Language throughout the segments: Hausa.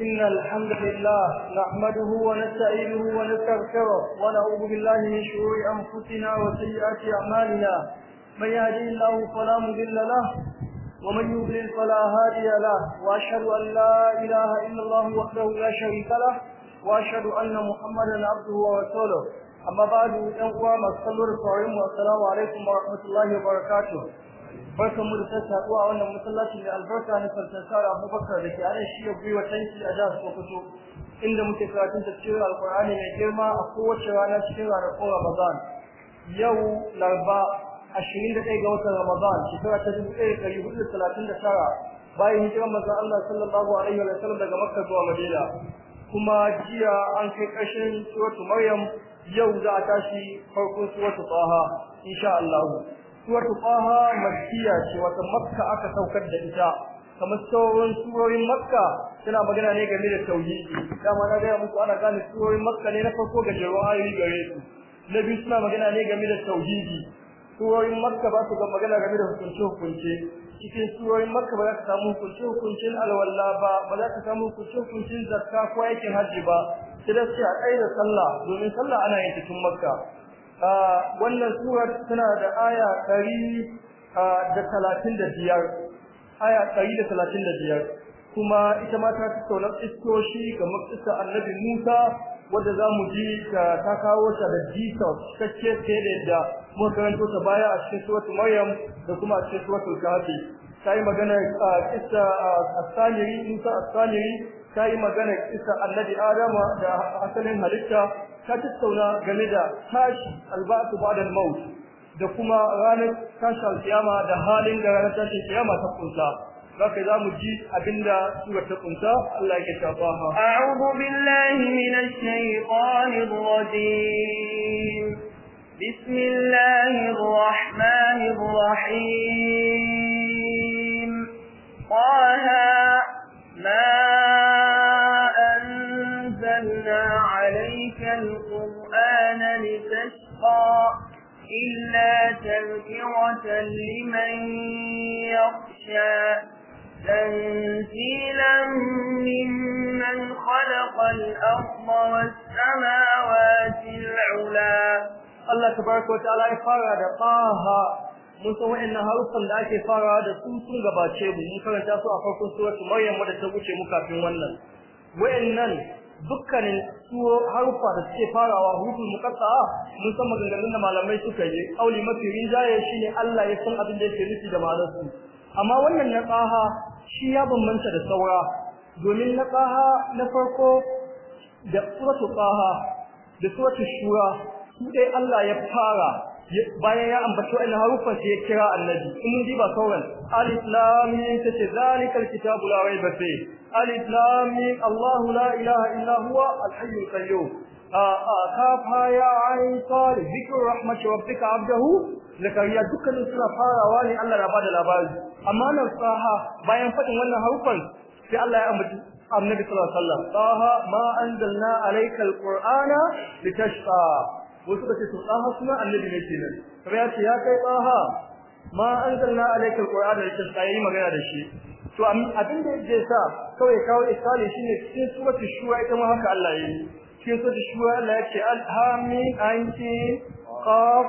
إن الحمد لله نحمده ونستعينه ونستغفره ونعوذ بالله من شرور أنفسنا وسيئات أعمالنا من يهدي الله فلا مضل له ومن يضلل فلا هادي له وأشهد أن لا إله إلا الله وحده لا شريك له وأشهد أن محمدا عبده ورسوله أما بعد أن أقوى ما صلوا السلام عليكم ورحمة الله وبركاته barkan mu da saduwa wannan masallaci da albarka na Sarkar Abubakar da ke arewa shi yabbi wa tanki a jihar Sokoto inda muke karatun tafsirin Alkur'ani mai girma a kowace rana cikin ranakun Ramadan yau Laraba 21 ga watan Ramadan shekara ta 1439 bayan hijiran manzon Allah sallallahu alaihi wa sallam daga Makka zuwa Madina kuma jiya an kai ƙarshen suratul Maryam yau za a tashi farkon suratul Taha insha Allah suratu qaha makkiya ce wata makka aka saukar da ita kamar sauran surorin makka suna magana ne game da tauhidi dama na gaya muku ana gane surorin makka ne na farko gajerun ayoyi gare su na biyu suna magana ne game da tauhidi surorin makka ba su ga magana game da hukunce hukunce cikin surorin makka ba za ka samu hukunce hukuncin alwala ba ba za ka samu hukunce hukuncin zakka ko aikin hajji ba sai da ce a tsaye da sallah domin sallah ana yin cikin makka wannan surar tana da aya 135 aya 135 kuma ita ma ta tattauna iskoshi ga makkisa annabi Musa wanda zamu ji ta kawo ta da Jesus kake tare da mu karanto ta baya a cikin suratul Maryam da kuma a cikin suratul Kahfi sai magana kissa as Musa as sai magana kissa annabi Adam da asalin halitta ta tattauna game da tashi albasu ba'da al-maut da kuma ranar tashi al-kiyama da halin da ranar tashi kiyama ta kunsa zaka za mu ji abinda sura ta kunsa Allah ya tafa ha a'udhu billahi minash shaitanir rajim bismillahir rahmanir rahim qaha ma لتشقى إلا تذكرة لمن يخشى تنزيلا ممن خلق الأرض والسماوات العلا الله تبارك وتعالى فرد طه da taha mun san wa'annan harufan da ake fara da su sun gabace mu mun karanta su a farkon suratul maryam wadda ta wuce mu kafin wannan wa'annan dukkanin tuwo harufa da suke farawa hudu mukatta mun san maganganun da malamai suka yi kauli mafi rinjaye shine Allah ya san abin da yake nufi da malamai amma wannan na tsaha shi ya bambanta da saura domin na tsaha na farko da suratu tsaha da suratu shura su Allah ya fara bayan ya ambaci wa'annan haruffan sai ya kira annabi in mun diba sauran alif lam mim tace zalikal kitabu la raiba fi alif lam mim allah la ilaha illa huwa al hayyul qayyum kafa ya ain salih zikr rahmat rabbika abdahu zakariya dukkanin suna farawa ne Allah ya bada labari amma nan saha bayan fadin wannan haruffan sai Allah ya ambaci annabi sallallahu alaihi wasallam saha ma anzalna alaykal qur'ana litashqa wasu ke to daha suna annabi ne kenan kamar ya ce ya kai daha ma anzalna alaikal qur'ana yi magana da shi to abin da yake sa kawai kawo isali shine cikin suratul shura ita ma haka Allah yayi cikin suratul shura Allah yake alhamin anki qaf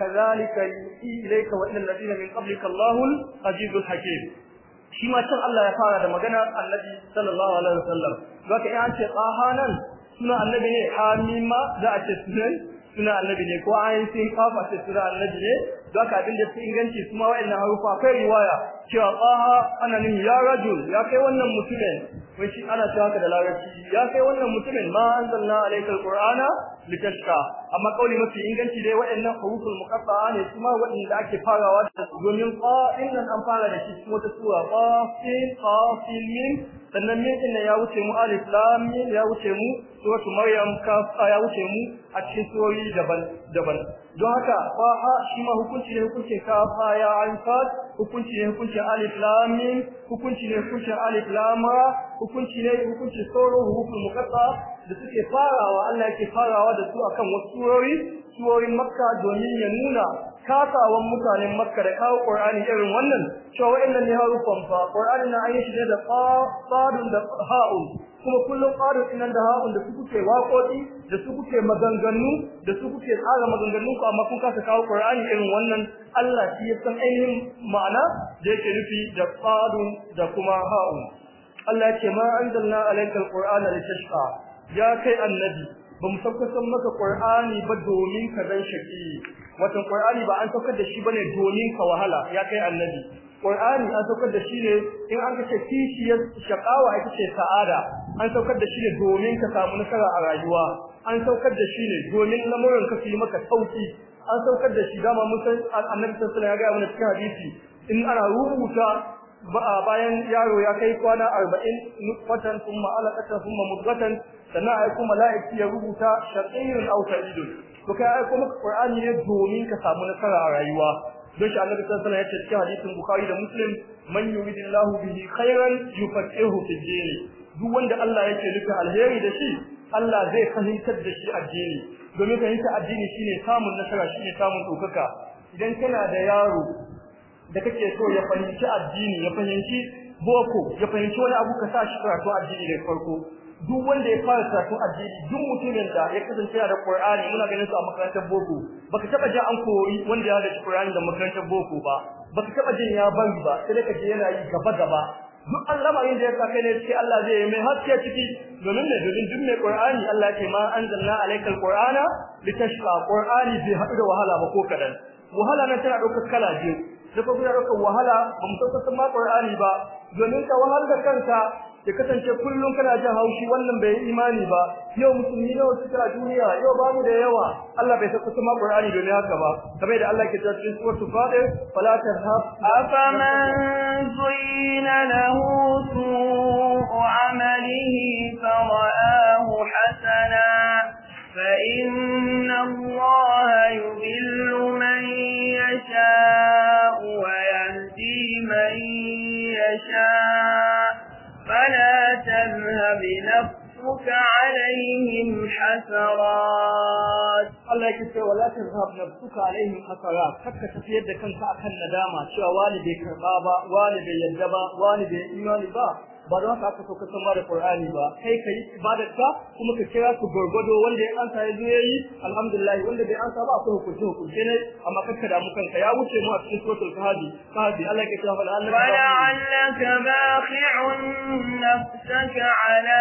kadhalika yuhi ilayka wa ilal ladina min qablika Allahul azizul hakim shi ma can Allah ya fara da magana annabi sallallahu alaihi wasallam zaka iya ce qahanan suna annabi ne hamima za a ce sunan suna annabi ne ko ayin sun kafa ce suna annabi ne don ka abin da su inganci kuma wa'annan harufa kai riwaya cewa qaha ana nin ya rajul ya kai wannan mutumin ko shi ana cewa haka da larabci ya kai wannan mutumin ma an zanna alayka alqur'ana litashqa amma kauli mafi inganci dai wa'annan huruful muqatta'a ne kuma wa'anda ake farawa da domin qa din nan an fara da shi cikin wata sura qa sin qa sannan ne din ya wuce mu alif islam ya wuce mu suratul maryam ka ya wuce mu a cikin surori daban daban don haka fa ha shi ma hukunci ne hukuncin fa ya an fat hukunci ne hukuncin alif islam ne hukunci ne hukuncin alif islam ra hukunci ne hukunci soro hukunci mukatta da suke farawa Allah yake farawa da su akan wasu surori surorin makka domin ya nuna kasawan mutanen makka da kawo qur'ani irin wannan cewa wa'annan ne harufan fa qur'ani na ayi shi da fadun da ha'un kuma kullum fadun sunan da ha'un da su kuke waƙoƙi da su kuke maganganu da su kuke tsara maganganun ku amma kun kasa kawo qur'ani irin wannan Allah shi ya san ainihin ma'ana da yake nufi da fadun da kuma ha'un Allah ya ce ma anzalna alaykal qur'ana litashqa ya kai annabi ba mu saukar maka Qur'ani ba domin ka zan shaki wato Qur'ani ba an saukar da shi bane domin ka wahala ya kai annabi Qur'ani an saukar da shi ne in an kace kishiyar shaqawa ita ce sa'ada an saukar da shi ne domin ka samu nasara a rayuwa an saukar da shi ne domin lamuran ka su yi maka sauki an saukar da shi dama mun san annabi sallallahu alaihi wasallam ya ga mana cikin hadisi in ana rubuta bayan yaro ya kai kwana 40 nutfatan thumma alaqatan thumma mudghatan sannan ai kuma mala'iki ya rubuta shar'iyun aw sa'idun to kai ai kuma Qur'ani ne domin ka samu nasara a rayuwa don shi Annabi sallallahu ya ce cikin hadisin Bukhari da Muslim man yuridillahu bihi khairan yufaqihu fi din duk wanda Allah yake nufi alheri da shi Allah zai fahimtar da shi addini domin fahimta addini shine samun nasara shine samun ɗaukaka idan kana da yaro da kake so ya fahimci addini ya fahimci boko ya fahimci wani abu ka sa shi karatu addini da farko duk wanda ya fara karatu addini duk mutumin da ya kasance da Qur'ani muna ganin su a makarantar boko baka taba ji an koyi wanda ya da Qur'ani da makarantar boko ba baka taba jin ya bari ba sai ka ji yana yi gaba gaba duk al'amarin da ya kai ne sai Allah zai yi mai haske ciki domin ne domin duk mai Qur'ani Allah ke ma anzalna alaikal Qur'ana litashqa Qur'ani bai haɗu da wahala ba ko kadan wahala na tana ɗaukar kala biyu da ko kuna ɗaukar wahala bamu mu san ma Qur'ani ba domin ka wahal da kanka ya kasance kullum kana jin haushi wannan bai yi imani ba yau musulmi nawa suka duniya yau babu da yawa Allah bai saka kuma Qur'ani domin haka ba kamar da Allah ke cewa cikin suratul Fatir fala tahab afaman zuyina lahu su'u amalihi fara'ahu hasana fa inna Allah yudillu نفسك عليهم حسرات Allah yake cewa la na nafsuka alaihim hasarat kakka tafiyar da kanka akan nadama cewa wani bai karɓa ba wani bai yadda ba wani bai imani ba ba don haka aka sauka san ba da Qur'ani ba kai ka yi ibadarka kuma ka kira su gurgudo wanda ya ansa ya zo yayi alhamdulillah wanda bai ansa ba akwai hukunci hukunci ne amma kakka da mu kanka ya wuce mu a cikin suratul kahfi kahfi Allah ke cewa la Allah wala allaka baqi'un nafsaka ala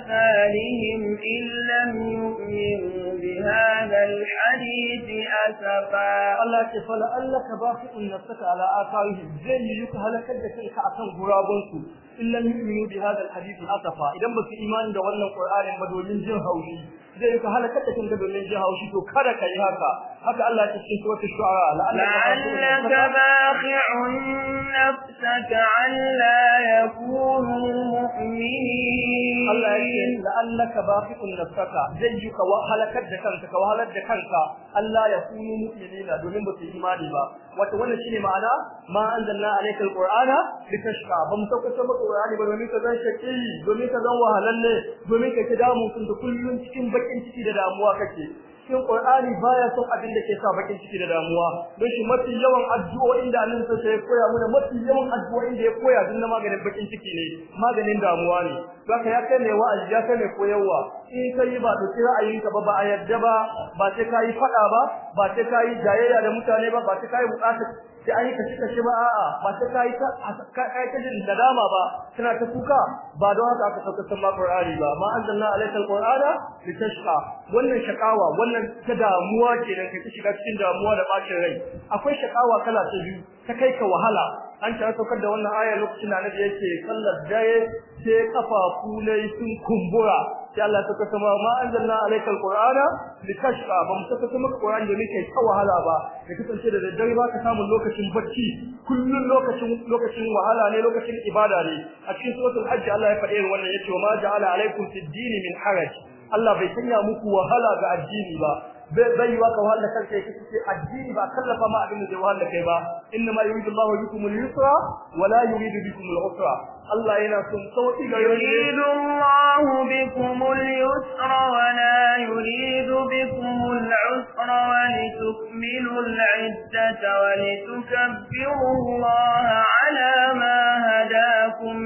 atharihim in lam yu'minu بهذا الحديث أسفا الله كفل ألك باقي نفسك على آثارهم زي يكهلك دكيك أكن غرابون musu illan yu'minu bi hadha alhadith asafa idan ba su imani da wannan qur'anin ba domin jin haushi zai yi ka halaka da kanka domin jin haushi to kada ka yi haka haka Allah ya ce ko ta shu'ara la'allaka baqi'un nafsaka alla yakunu mu'minin Allah ya ce la'allaka baqi'un nafsaka zai yi ka halaka da kanka ka wahalar da kanka Allah ya kunu mu'minina domin ba su imani ba Wata wannan shine ma'ana ma anzalna alayka alqur'ana litashqa bam saukata maka qur'ani ba domin ka zan shaki domin ka zan wahalalle domin ka ci damu tun da kullun cikin bakin ciki da damuwa kake cikin qur'ani baya son abin da ke sa bakin ciki da damuwa don shi mafi yawan addu'o'in da annabi sai ya koya mana mafi yawan addu'o'in da ya koya din na maganin bakin ciki ne maganin damuwa ne saka ya kai ne wa'azi ya kai ne koyarwa in kai ba to kira ayin ka ba ba a yadda ba ba sai kai fada ba ba sai kai jayayya da mutane ba ba sai kai bukatar sai an yi kashi kashi ba a'a ba ta yi ta ta jin nadama ba kana ta kuka ba don haka aka sauka san ma Qur'ani ba ma anzalna alaykal qur'ana litashqa wannan shakawa wannan ta damuwa ke da kai shiga cikin damuwa da bacin rai akwai shakawa kala ta biyu ta kai ka wahala an ta saukar da wannan aya lokacin da Annabi yake sallar dare sai kafafu ne sun kumbura sai Allah ta kasa ma ma anzalna alayka alqur'ana litashqa ba mu saka kuma qur'ani da muke ta wahala ba da kasance da daddare ba ka samu lokacin bacci kullun lokacin lokacin wahala ne lokacin ibada ne a cikin suratul hajj Allah ya faɗi wannan yace wa ma ja'ala alaykum fid din min haraj Allah bai sanya muku wahala ga addini ba bai yiwa ka wahala kanka yake ce addini ba kallafa ma abin da zai wahala kai ba inna ma yuridu Allahu bikum al-yusra wa la yuridu bikum al-usra Allah yana son sauki ga yuridu Allahu bikum al-yusra wa la yuridu bikum al-usra wa litukmilu al-iddata wa litukabbiru Allah ala ma hadakum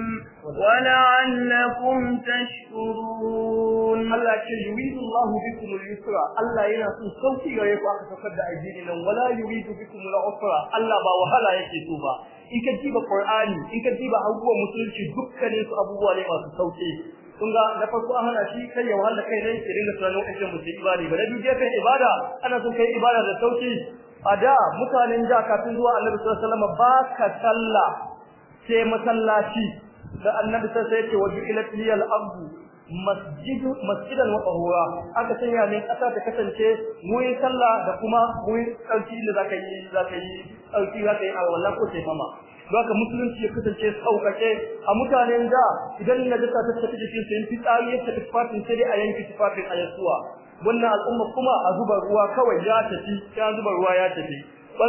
wa la'allakum tashkurun ce yuridu Allahu bikum al-yusra Allah yana son sauki gare ku aka tafar da addini nan wala yuridu bikum al-usra Allah ba wahala yake so ba in ka jiba Qur'ani in ka jiba abubuwan musulunci dukkanin su abubuwa ne masu sauki kun ga na farko an hana shi kai ya wahala kai ne irin da sunan aikin mutum ibada ba da bidiya kai ibada ana son kai ibada da sauki a da mutanen da kafin zuwa Annabi sallallahu alaihi wasallam ba ka sallah sai masallaci da Annabi sai yake wasallam ya ce masjidan wa tahura aka sanya ne kasa ta kasance muyi sallah da kuma muyi tsarki da zaka yi zaka yi tsarki zaka yi wallahi ko sai mama zaka musulunci ya kasance saukake a mutanen da idan na dasa ta tafi jikin sai fitsari ya tafi fatin sai a yanki tufafin ayyuwa wannan al'umma kuma a zuba ruwa kawai ya tafi ya zuba ruwa ya tafi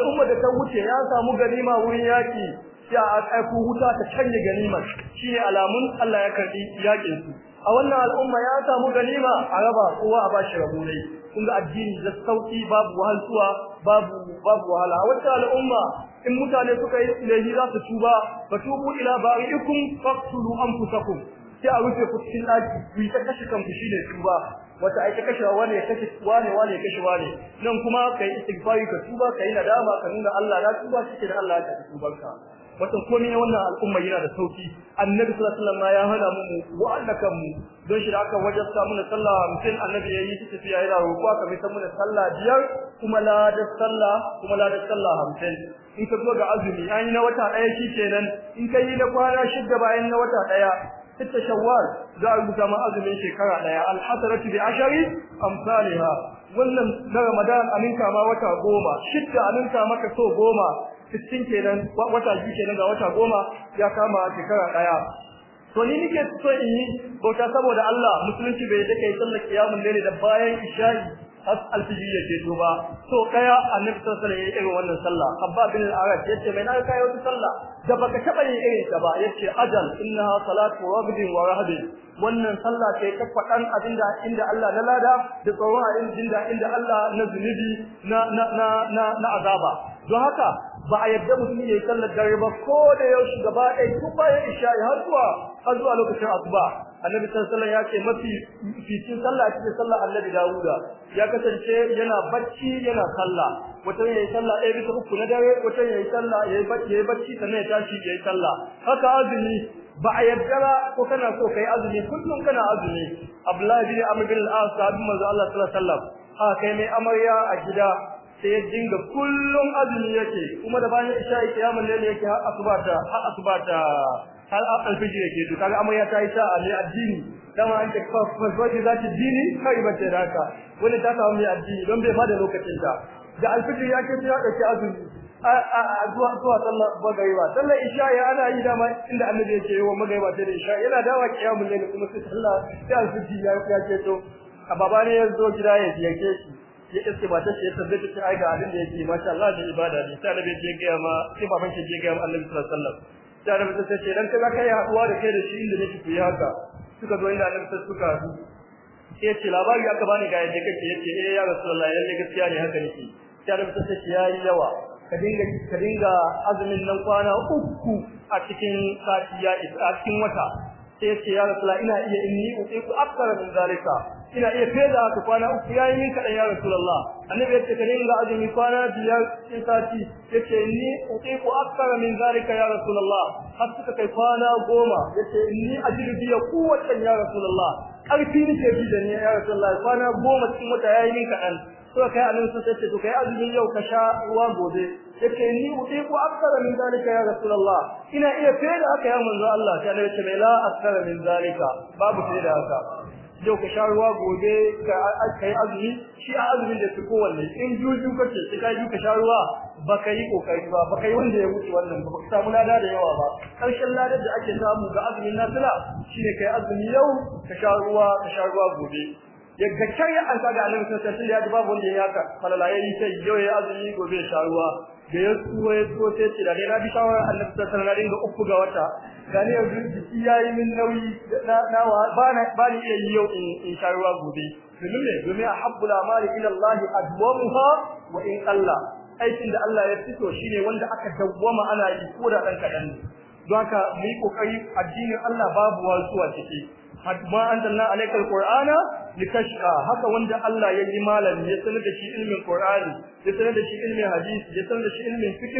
umma da ta wuce ya samu ganima wurin yaki ya a ku wuta ta canye ganima shine alamun Allah ya karbi yakin su a wannan al'umma ya samu ganima a raba kowa a bashi rabo ne kun ga addini da sauki babu wahalsuwa babu babu wahala a wata al'umma in mutane suka yi laifi za su tuba fa tubu ila bari'ikum faqtulu anfusakum sai a rufe ku cikin daki ku ta kashe kanku shine tuba wata ai ta kashe wani ya kashe wani wani ya kashe wani nan kuma kai istighfari ka tuba kai nadama ka nuna Allah na tuba shi da Allah ya tuba ka wato komai wannan al'umma yana da sauki annabi sallallahu alaihi wasallam ya hana mu wa'annakan mu don shi da aka wajasta mu sallah mutum annabi yayi shi tafiya yana roƙo ka mai mu sallah biyar kuma la da sallah kuma la da sallah hamsin in ka zo ga azumi an yi na wata ɗaya shi kenan in ka yi na kwana shidda bayan na wata ɗaya ita shawwal za a rubuta ma azumin shekara ɗaya alhasaratu bi ashari amsalha wannan na ramadan aminka ma wata goma shidda aminka maka so goma 60 kenan wata biyu kenan ga wata goma ya kama shekara daya to ni nake so in yi bauta saboda Allah musulunci bai da kai sallar kiyamul laili da bayan isha'i has alfiji yake to ba to kaya annabi sallallahu alaihi wasallam irin wannan sallah abba bin al-arad yace mai na kai wata sallah da baka taba yin irin ta ba yace ajal innaha salatu rabbi wa rahbi wannan sallah sai ta fadan abinda inda Allah na lada da tsoron abinda inda Allah na zunubi na na na na azaba don haka ba a yadda mutum ya yi sallar dare ba ko da yaushe gaba ɗaya tun bayan ya har zuwa har zuwa lokacin asuba annabi sallallahu ya ce mafi fitin sallah ce sallar annabi dawuda ya kasance yana bacci yana sallah wata yi sallah ɗaya bisa uku na dare wata yayi sallah yayi bacci yayi bacci sannan ya tashi yayi sallah haka azumi ba a yadda ba ko kana so yi azumi kullum kana azumi abdullahi bin amr bin al-as manzo Allah sallallahu alaihi wasallam aka kai mai amarya a gida sai dinga kullum azumi yake kuma da bayan isha kiyamul ne yake har asuba ta har asuba ta har fiji yake to kaga amma ya ta sa a ne addini dama an take ji zaki dini kai ba ta raka wani ta samu ne addini don bai ma da lokacin ta da alfiji yake ya dauki azumi a a a zuwa zuwa sallah magariba sallah isha ya ana yi dama inda annabi yake yi wa magariba sai da isha yana dawa kiyamul layl kuma sai sallah sai alfiji ya ya ce to a baba ya zo gida ya yake ya iske ba ta ce tabbe ta ai ga abin da yake masha Allah da ibada ne ta da bai ga ma sai ba ban ce ga ma Annabi sallallahu alaihi wasallam ta da ta ce dan kaza kai haɗuwa da kai da shi inda nake ku haka suka zo inda Annabi suka haɗu sai ce labari aka bani ga yadda kake yace eh ya Rasulullahi lalle gaskiya ne haka nake ta da ta ce yayi yawa ka dinga ka dinga azumin nan kwana uku a cikin safiya a cikin wata sai ya ce ya rasula ina iya inni utiku akthara min zalika ina iya da haka kwana uku yayi min kadan ya rasulullah annabi ya ce ka dinga azumi kwana biyar sai cikin sati ya ce inni ku akara min zalika ya rasulullah har suka kai kwana goma ya ce inni ajiru biya kowace ya rasulullah karfi ke bi da ni ya rasulullah kwana goma cikin wata yayi min kadan to kai annabi sun sai to kai azumin yau ka sha ruwa gobe yace ni uti ku akthara min zalika ya rasulullah ina iya fere haka ya manzo Allah ta ne ce la akthara min zalika babu fere haka yau ka sha ruwa gobe ka kai azumi shi azumin da su kowanne in juju ce sai ka ka sha ruwa baka yi kokari ba baka yi wanda ya wuce wannan ba ka samu lada da yawa ba karshen ladar da ake samu ga azumin nasila shine kai azumi yau ka sha ruwa ka sha ruwa gobe ya shari'a kai an ka ga annabi sallallahu alaihi wasallam ya babu wanda ya haka falala yayi sai yau ya azumi gobe ya sharuwa da ya suwa ya tsuwa sai ce da na bi shawarar annabi sallallahu alaihi wasallam uku ga wata gani yanzu jiki yayi min nauyi na na ba ni iya yau in sharuwa gobe domin ne domin ahabbul amali ila Allah adwamuha wa in Allah. aikin da Allah ya fito shine wanda aka dawwama ana yi ko da dan kadan don haka mu yi kokari addinin Allah babu wasu a ciki ma anzalna alayka alqur'ana litashqa haka wanda Allah ya yi malami ya sanar da shi ilmin qur'ani ya sanar da shi ilmin hadisi ya sanar da shi ilmin fiqh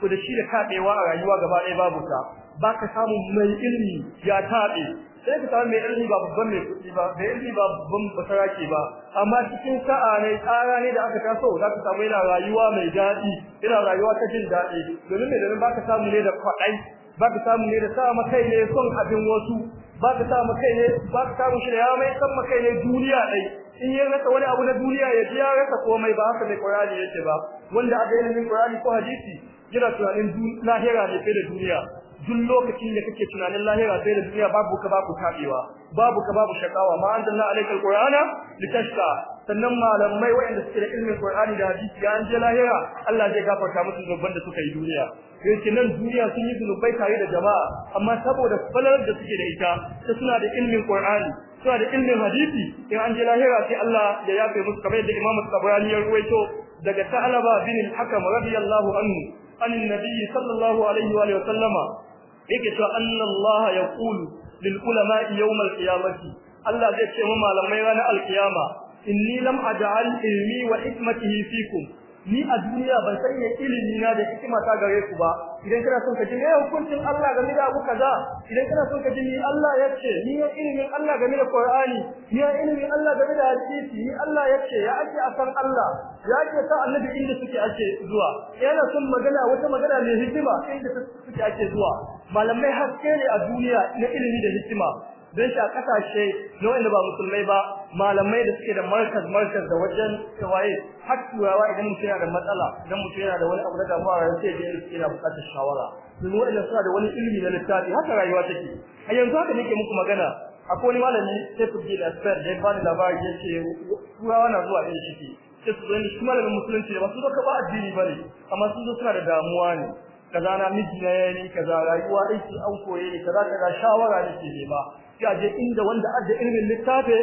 ko da shi da kabewa a rayuwa gaba ɗaya babu ka baka samu mai ilmi ya tabe sai ka samu mai ilmi ba babban mai kuɗi ba mai ilmi ba babban basarake ba amma cikin sa'a ne tsara ne da aka taso za ka samu yana rayuwa mai daɗi yana rayuwa ta jin daɗi domin me domin baka samu ne da kwaɗai ba ka samu ne da sa makai ne son abin wasu ba ka samu ne samu shi da ya mai san makai ne duniya dai in ya rasa wani abu na duniya ya ji ya rasa komai ba haka ne Qur'ani yake ba wanda aka yi min Qur'ani ko hadisi yana tunanin lahira ne sai da duniya duk lokacin da kake tunanin lahira sai da duniya babu ka babu tabewa babu ka babu shakawa ma anzalna alaikal qur'ana litashqa sannan malamai waɗanda suke da ilmin Qur'ani da hadisi ya je lahira Allah zai gafarta musu zunuban da suka yi duniya yake nan duniya sun yi zunubai tare da jama'a amma saboda falalar da suke da ita ta suna da ilmin Qur'ani suna da ilmin hadisi in an je lahira sai Allah ya yafe musu kamar yadda Imam Tabarani ya ruwaito daga Sa'alaba bin al-Hakam radiyallahu anhu an annabi sallallahu alaihi wa sallama yake cewa annallaha yaqulu lil ulama yawm al-qiyamati Allah zai ce mu malamai ranar al-qiyama inni lam aj'al ilmi wa hikmatihi fikum ni a duniya ban sanya ilimi na da hikima ta gare ku ba idan kana son ka ji me hukuncin Allah game da abu kaza idan kana son ka ji ni Allah ya ce. ni ya ilimin Allah game da Qur'ani ni ya ilimin Allah game da hadisi ni Allah ya ce. ya ake san Allah ya ake ta annabi inda suke ake zuwa yana son magana wata magana mai hikima inda suke ake zuwa malamai haske ne a duniya na ilimi da hikima don shi a kasashe na wanda ba musulmai ba malamai da suke da markaz markaz da wajen tawaye har turawa idan mutum yana da matsala idan mutum yana da wani abu na damuwa a ya je yana buƙatar shawara domin wanda suna da wani ilimi na littafi haka rayuwa take a yanzu haka nake muku magana akwai wani malami sai su ji da asper da ya bani labari ya ce turawa na zuwa ɗin ciki sai su zo shi malamin musulunci ba su zo ka ba addini ba ne amma sun zo suna da damuwa ne kaza na miji na yayi kaza rayuwa aiki an koye ne kaza kaza shawara nake nema sai aje inda wanda adda ilmin littafi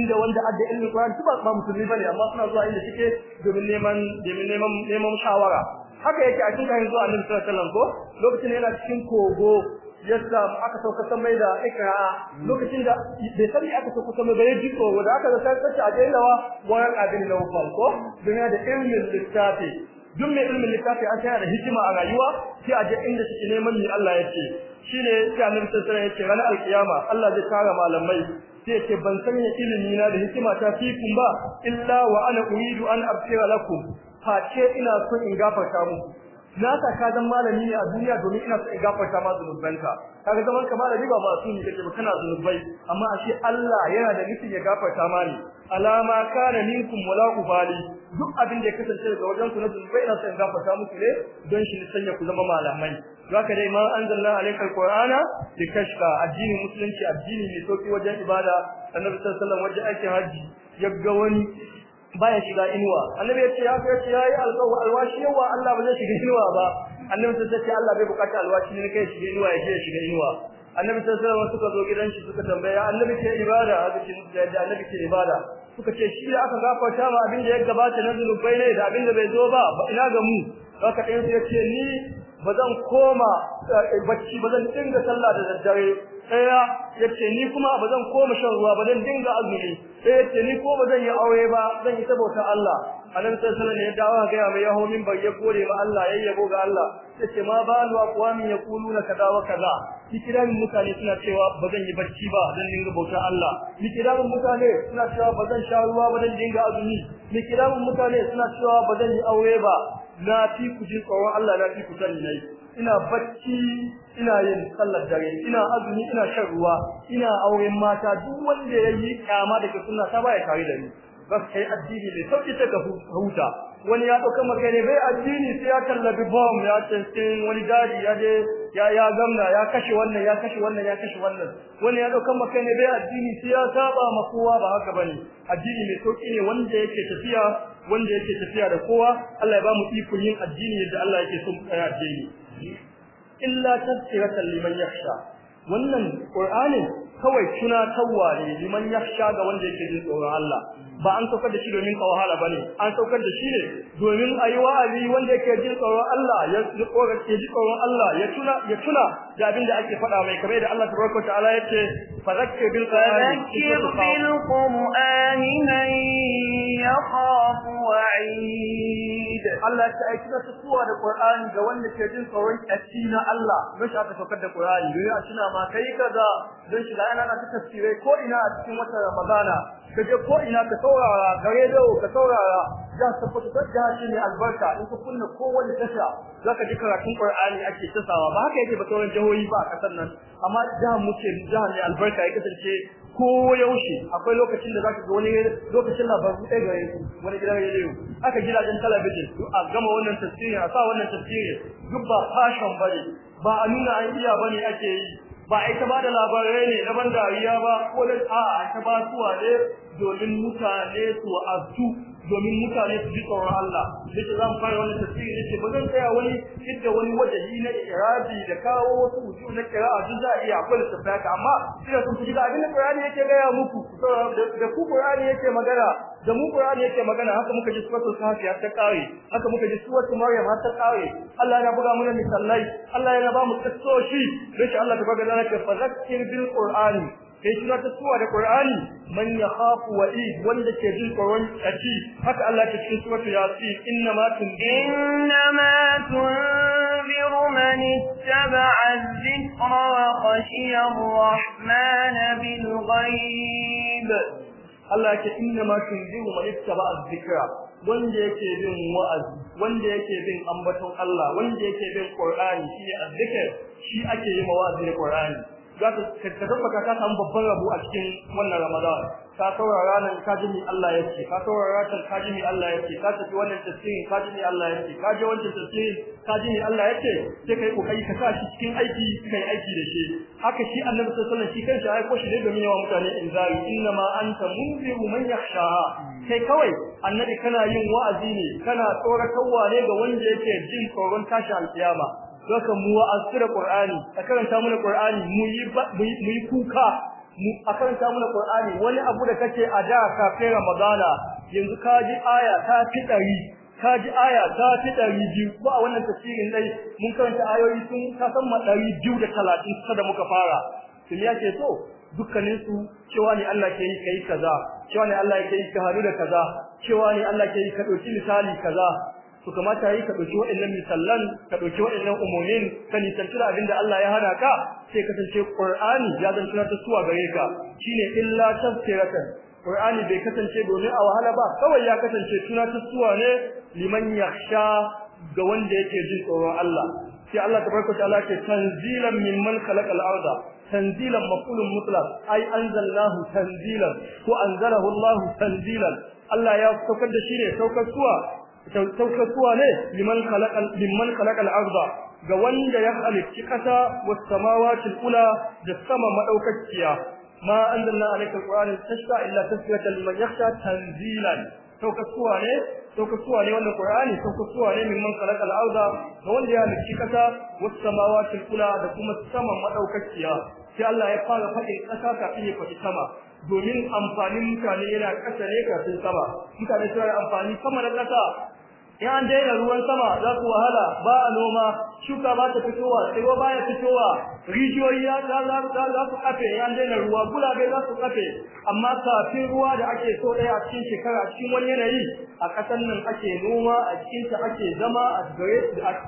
inda wanda adda ilmin Qur'an su ba musulmi bane amma suna zuwa inda suke domin neman domin neman neman shawara haka yake a cikin kayan zuwa Annabi sallallahu alaihi wasallam ko lokacin yana cikin kogo yadda aka sauka san mai da ikra lokacin da bai sani aka sauka san mai da jiko wanda aka zata kace aje lawa wayan abin lawfal ko dunya da ilmin littafi duk mai ilmin littafi an tsaya da hikima a rayuwa sai a je inda suke neman ni Allah ya ce shine sai annabi sallallahu alaihi ya ranar alkiyama Allah zai kara malamai sai ce ban sanya ilimi na da hikima ta fikun ba illa wa ana uridu an abtira lakum fa ce ina so in gafarta muku na ka ka zan malami ne a duniya domin ina so in gafarta ma zunubanka kaga zaman ka malami ba ne kake ba kana zunubai amma ashe Allah yana da nufin ya gafarta ma ni alama kana minkum wala ubali duk abin da ya kasance daga wajen ku na zunubai ina so in gafarta muku ne don shi ne sanya ku zama malamai zaka dai ma anzalna alayka alqur'ana likashfa addinin musulunci addini ne sauki wajen ibada annabi sallallahu alaihi wasallam wajen aikin haji yagga wani baya shiga inuwa annabi ya ce ya ce yayi alƙawu alwashi yawa Allah ba zai shiga inuwa ba annabi sai ce Allah bai bukata alwashi ne kai shiga inuwa ya ce shiga inuwa annabi sai sai suka zo gidan shi suka tambaya annabi ce ibada haka ce da annabi ce ibada suka ce shi da aka gafarta ma abin da ya gabata na zulubai ne da abin da bai zo ba ina ga mu haka ɗayan sai ya ce ni ba zan koma Eh, bacci ba zan dinga sallah da daddare daya yace ni kuma ba zan koma shan ruwa ba zan dinga azumi sai yace ni ko ba zan yi aure ba zan yi saboda Allah anan sai ne ya dawo ga ya mai yahomin bai ya kore ba Allah yayyabo ga Allah yace ma ba ya kulu yaquluna kaza wa kaza kiran mutane suna cewa ba zan yi bacci ba zan dinga bauta Allah kiran mutane suna cewa ba zan sha ruwa ba zan dinga azumi kiran mutane suna cewa ba zan yi aure ba na fi kujin tsoron Allah na fi kusan ina bacci ina yin sallar dare ina azumi ina shan ruwa ina auren mata duk wanda yayi kyama daga sunna ta baya tare da ni ba kai addini ne sauki ta ka huta wani ya dauka maka ne bai addini sai ya kallabi bomb ya ce wani gari ya je ya ya gamna ya kashe wannan ya kashe wannan ya kashe wannan wani ya dauka maka ne bai addini sai ya saba ma kowa ba haka bane addini mai sauki ne wanda yake tafiya wanda yake tafiya da kowa Allah ya ba mu iko yin addini yadda Allah yake son addini illa tadhkiratan liman yakhsha wannan qur'anin kawai tunatarwa ne liman yakhsha ga wanda yake jin tsoron Allah ba an saukar da shi domin kawahala bane an saukar da shi ne domin ayi wa'azi wanda yake jin tsoron Allah ya tsorace ji tsoron Allah ya tuna ya tuna da abinda ake faɗa mai kamar da Allah tabaraka ta'ala yace fadakkir bil qur'ani bil qur'ani man yakhafu wa'id Allah ta aiki da tsuwa da Qur'ani ga wanda ke jin tsoron kaci na Allah don shi aka saukar da Qur'ani don a ma kai kaza don shi da ana ta tafsirai ko ina a cikin wata Ramadana ka je ko ina ka saurara ga radio ka saurara za su ta da shi ne albarka in ka kunna ko wani tasha zaka ji karatun Qur'ani ake tasawa ba haka yake ba sauran jahohi ba a kasar nan amma jihar mu jihar ne albarka ya kasance ko yaushe akwai lokacin da zaka ga wani lokacin labaru ɗaya gare ku wani gidan rediyo aka gidajen talabijin to a gama wannan tasiri a sa wannan tafsirin duk ba fashion bane ba a nuna an iya bane ake yi ba ai ta bada labarai ne na ban dariya ba ko da a ta ba suwa ne domin mutane su wa'azu domin mutane su ji tsoron Allah yace zan fara wani tafsiri yace ba zan tsaya wani inda wani wajahi na irabi da kawo wasu wuju na kira'a duk za a iya akwai lissafi haka amma ina sun fi ji abin da Qur'ani yake gaya muku da ku Qur'ani yake magana da mu Qur'ani yake magana haka muka ji suratul Kahf ya ta kare haka muka ji suratul Maryam har ta kare Allah yana buga mana misalai Allah yana ba mu tsoshi yace Allah tabaraka ta'ala ke fadakkir bil Qur'ani sai shi ta suwa da Qur'ani man yakhafu wa'id wanda ke jin tsoron kaci haka Allah ke cikin suratul yasin inna ma tunbiru inna ma tunbiru man ittaba'a adh-dhikra wa khashiya ar-rahman bil ghaib Allah ke inna ma tunbiru man ittaba'a adh-dhikra wanda yake bin wa'azi wanda yake bin ambaton Allah wanda yake bin Qur'ani shi ne azzikr shi ake yi mawazi da Qur'ani za ka tabbata ka samu babban rabo a cikin wannan Ramadan ka saurara nan ka ji ni Allah ya ce ka saurara kan ka ji ni Allah ya ce ka tafi wannan tafsirin ka ji ni Allah ya ce ka je wannan tafsirin ka ji ni Allah ya ce sai kai kokari ka sa shi cikin aiki kai aiki da shi haka shi Annabi sallallahu alaihi wasallam shi kansa ya koshi ne domin yawa mutane inzari inna ma anta munziru man yakhshaha kai kawai Annabi kana yin wa'azi ne kana tsoratarwa ne ga wanda yake jin tsoron tashi alkiyama doka mu wa asira qur'ani a karanta mana qur'ani mu yi mu yi kuka mu a karanta mana qur'ani wani abu da kace a da kafin ramadana yanzu ka ji aya ta fi dari ka ji aya ta fi dari biyu ko a wannan tafsirin dai mun karanta ayoyi sun ma dari biyu da talatin sada muka fara sun ya ce so dukkanin su cewa ne Allah ke yi kai kaza cewa ne Allah ke yi ka hadu da kaza cewa ne Allah ke yi ka dauki misali kaza to kamata yi ka dauki waɗannan misallan ka dauki waɗannan umumin ka nisanci abinda Allah ya hana ka sai kasance Qur'ani ya zan tunar da suwa gare ka shine illa tafsiratan Qur'ani bai kasance domin a wahala ba kawai ya kasance tunar da suwa ne liman yakhsha ga wanda yake jin tsoron Allah sai Allah tabaraka ta'ala ke tanzilan mimman khalaqal arda tanzilan maqulun mutlaq ai anzalnahu tanzilan ko anzalahu Allah tanzilan Allah ya saukar da shi ne saukar suwa saukatuwa ne liman khalaqal liman ga wanda ya halicci kasa was samawati ula da sama madaukakiya ma anzalna alayka alqur'ana tashfa illa tazkiratan liman yakhsha tanzilan saukatuwa ne saukowa ne wannan Qur'ani saukowa ne min man khalaqal arda da wanda ya halicci kasa wasu samawati kula da kuma sama madaukakiya sai Allah ya fara faɗi kasa kafin ya faɗi sama domin amfanin mutane yana kasa ne kafin sama mutane suna amfani sama da kasa in an daina ruwan sama za ku wahala ba a noma shuka ba ta fitowa tsiro ba ya fitowa rijiyoyi ya ta za ku za ku kafe in an daina ruwa gulabe za su kafe amma kafin ruwa da ake so ɗaya a cikin shekara a cikin wani yanayi a ƙasar nan ake noma a cikin ta ake zama a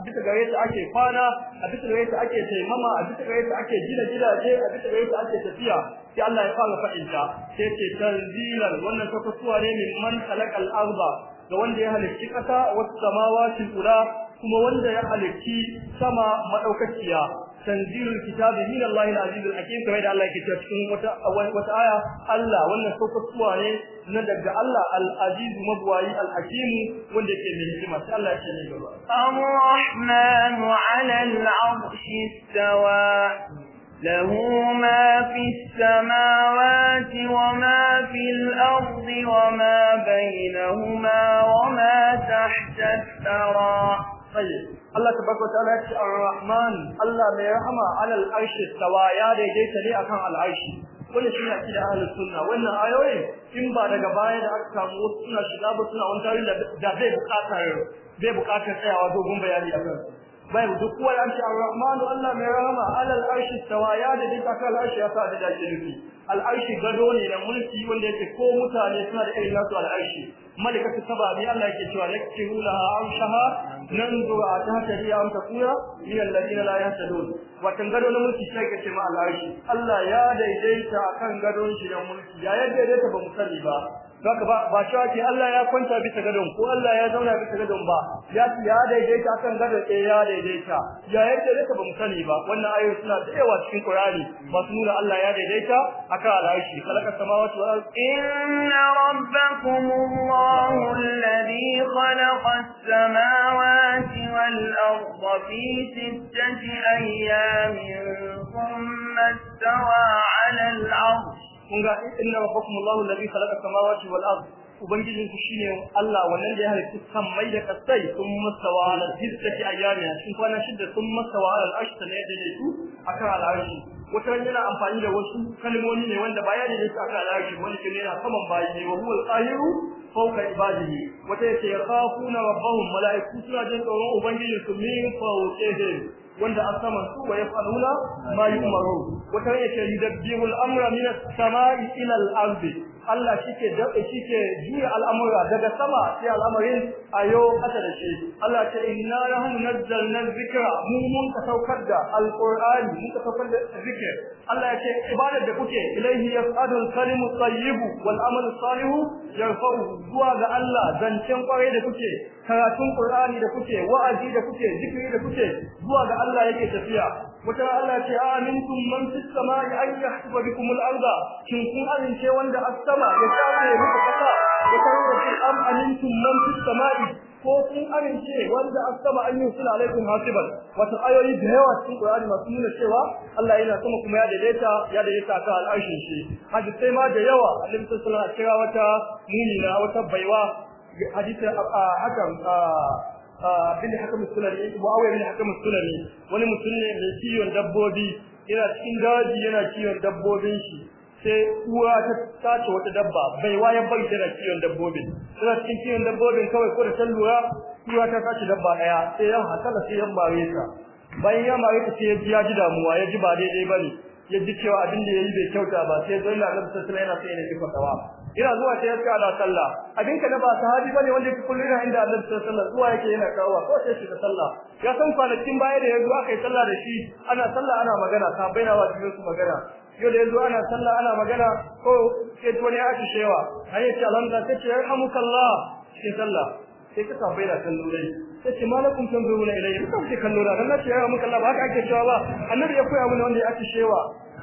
bisa gare ta ake kwana a bisa gare ta ake taimama a bisa gare ta ake gina gidaje a bisa gare ta ake tafiya sai Allah ya fara faɗinta sai ce tanzilan wannan ta ne min man khalaqal arba ga wanda ya halicci ƙasa wasu samawati ula kuma wanda ya halicci sama maɗaukaciya, tanzilul kitabi min Allah al-aziz al-hakim kamar da Allah yake cewa cikin wata wata aya Allah wannan sokotuwa ne na daga Allah al-aziz mabwayi al-hakim wanda yake mai hikima sai Allah ya ce ne gaba ar-rahmanu 'ala al-'arshi istawa له ما في السماوات وما في الأرض وما بينهما وما تحت الثرى الله سبحانه وتعالى الرحمن الله بيرحمه على العيش السواء ياري جيس لي أكام على العيش كل شيء أكيد أهل السنة وإن آيوه إن بعد قبائة أكثر موسنا شلاب السنة وانتاري لذي بقاتها بقاتها سيئة وزوهم بياري أكثر bai duk kuwa ya a ar Allah mai rahama alal arshi tawaya da duk akal arshi ya sa da dakin al arshi gado ne da mulki wanda yake ko mutane suna da irin nasu al arshi malikatu sababi Allah yake cewa yakihu laha arshaha nanzuru atahriya am takuya min alladhina la yahtadun watan gado na mulki sai kace ma al arshi Allah ya daidaita akan gadon shi da mulki ya yadda daidaita ba mu sani ba Zaka ba ba cewa ke Allah ya kwanta bisa gadon ko Allah ya zauna bisa gadon ba ya ya daidaita akan gadon eh ya daidaita ya yadda duka ba mu sani ba wannan ayoyi suna da yawa cikin Qur'ani ba su nuna Allah ya daidaita akan al'arshi khalaqa samawati wal ardi inna rabbakum Allahu alladhi khalaqa as-samawati wal arda fi sittati ayamin thumma istawa 'ala al-'arshi kun ga inna rabbakum Allahu alladhi khalaqa samawati wal ard ubangijin ku shine Allah wannan da ya halitta mai da kasai sun masawa ala jiddati ayyami sun kwana shida sun masawa ala arshi ne da yake akan al'arshi wata yana amfani da wasu kalmomi ne wanda baya da su akan al'arshi wani ke yana saman bayi wa huwa al-qahiru fawqa ibadihi wata yake yakhafuna rabbahum malaiku suna jin tsoron ubangijin su min fawqihim wanda a saman su wa yafaluna ma umaru. wata yake yudabbirul amra min as-sama'i ila al-ardi Allah shike shike juya al'amura daga sama sai al'amarin ayo kasa da shi Allah ce inna lahu nazzalna dhikra mu mun ka saukar da alqur'ani mun ka saukar da zikir Allah ce ibadar da kuke ilaihi yas'adul kalimu tayyib wal amal salih yarfa'u zuwa ga Allah zancen kwarai da kuke karatun qur'ani da kuke wa'azi da kuke zikiri da kuke zuwa ga Allah yake tafiya wata Allah ce a ah, amintum man fis samai an yahsuba bikum al arda shin kun amince wanda as sama ya tsaye muku kasa ya tarwa shi am amintum man fis samai ko kun amince wanda as sama an yusila alaikum hasiban wata ayoyi da yawa cikin Qur'ani masu nuna cewa Allah yana sama kuma ya daidaita ya daidaita ta al'arshin shi hadisi ma da yawa Annabi sallallahu alaihi wasallam wata na wata baiwa hadisi ah, haka ah, bin hakam sulani muawiya bin hakam sulani wani mutum ne mai kiwon dabbobi yana cikin daji yana ciwon dabbobin shi sai uwa ta tace wata dabba bai waye bai tana kiwon dabbobin tana cikin kiwon dabbobin kawai ko da san lura uwa ta tace dabba daya sai yan hakala sai yan bare ta bayan ya bare ta sai ya ji damuwa ya ji ba daidai bane ya ji cewa abin da yayi bai kyauta ba sai dole na subhanahu sai yana sai ne ki fatawa ina zuwa sai yaska da sallah abin ka da ba sahabi bane wanda yake kullu ina inda Allah sallallahu alaihi zuwa yake yana kawo ko sai shiga sallah ya san kwanakin baya da yanzu aka yi sallah da shi ana sallah ana magana sahabbai na wajibi su magana yau da yanzu ana sallah ana magana ko sai wani ya ci shewa har yace alhamdulillah sai ce yarhamukallah shi sallah sai ka sahabbai da kallo dai sai ce malakum tanzuruna ilayhi kuka ce kallo da Allah ce yarhamukallah ba haka ake cewa ba annabi ya koya mana wanda ya ci shewa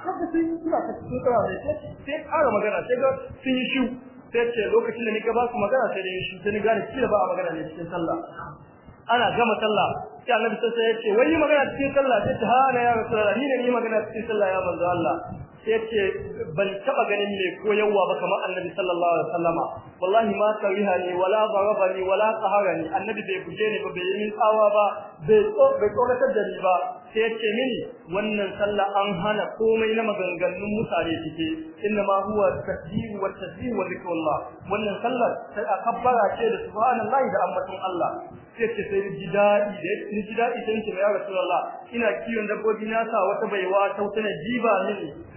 haka sun suna ta cikin tsara da sai kara magana sai ga sun yi shi sai ce lokacin da nika ba su magana sai da yi shi sai gane kila ba a magana ne cikin sallah ana gama sallah sai annabi sai ya ce wai magana cikin sallah sai ta hana ya rasulullah ni ne ni magana cikin sallah ya banza Allah yace ban taba ganin mai koyarwa ba kamar annabi sallallahu alaihi wasallama wallahi ma kariha ni wala barabani wala ni annabi bai buje ni ba bai yi tsawa ba bai tso bai da ni ba sai yace mini wannan sallah an hana komai na maganganun mutane cike inna ma huwa tasbih wa tasbih wa zikrullah wannan sallah sai kabbara ce da subhanallahi da ambaton Allah sai ce sai jidai da ni jidai sai ce ya rasulullah ina kiyon dabbobi na sa wata baiwa ta tana jiba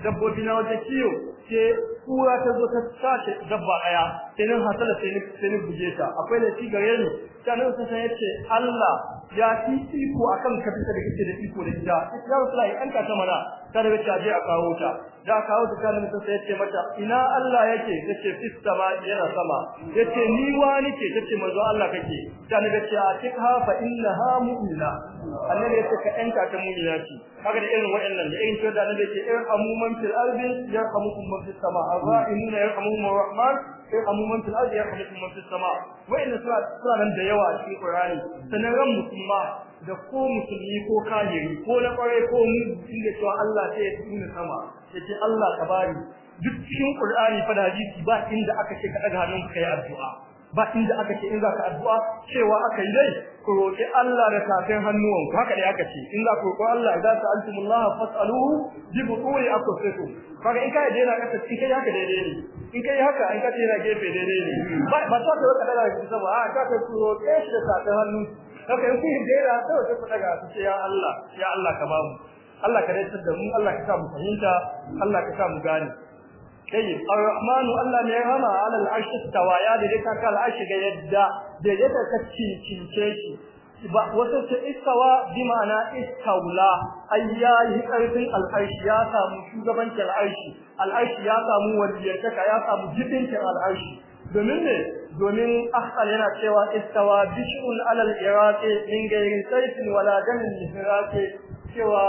da dabbobi na wajen kiyo ke kura ta zo ta sace dabba daya sai nan hasala sai ni sai ni buje ta akwai da gare ni sanan sai sai yace Allah ya ci iko akan ka da kike da iko da ita ya rasulullahi an ka ta mana ta da ta je a kawo ta da kawo ta kana sai sai yace mata ina Allah yake yace fis sama yana sama yace ni wani ce yace mazo Allah kake ta ne yace a tikha fa innaha mu'mina annabi ya ce ka yanka ta mu'mina ce kaga da irin waɗannan da irin to da annabi ya ce irin amuman fil ardi yarhamukum ma fis sama arra'imuna yarhamukum rahman ya amuman fil ardi yarhamukum man fis sama wa inna suna nan da yawa a cikin qur'ani sanan ran musulma da ko musulmi ko kafiri ko na kware ko mu inda cewa Allah sai ya tuna sama yace Allah bari. duk cikin qur'ani fa da hadisi ba inda aka ce ka daga hannunka kai addu'a ba inda aka ce in za ka addu'a cewa aka yi dai ku Allah da tafin hannuwanku haka dai aka ce in za ku roki Allah idan sa'altumullah fas'aluhu bi buquli aqsitu kaga in kai daina kasa in kai haka daidai ne in kai haka in kai daina gefe daidai ne ba ta ta ka daga ki saboda a ka ku roke shi da tafin hannu kaga in kun daina sai ku daga su ce ya Allah ya Allah ka mu. Allah ka dace da mu Allah ka sa mu fahimta Allah ka sa mu gane tayyib ar Allah ne rama alal arsh tawa ya da dai kaka al ga yadda da yadda ka cincince shi wata ce istawa bi ma'ana istawla ayya yi karfin al-arsh ya samu shugabancin al-arsh al-arsh ya samu waliyarka ya samu jibincin al-arsh domin ne domin akhal yana cewa istawa bishun alal iraqi min gairin sayfin wala damin iraqi cewa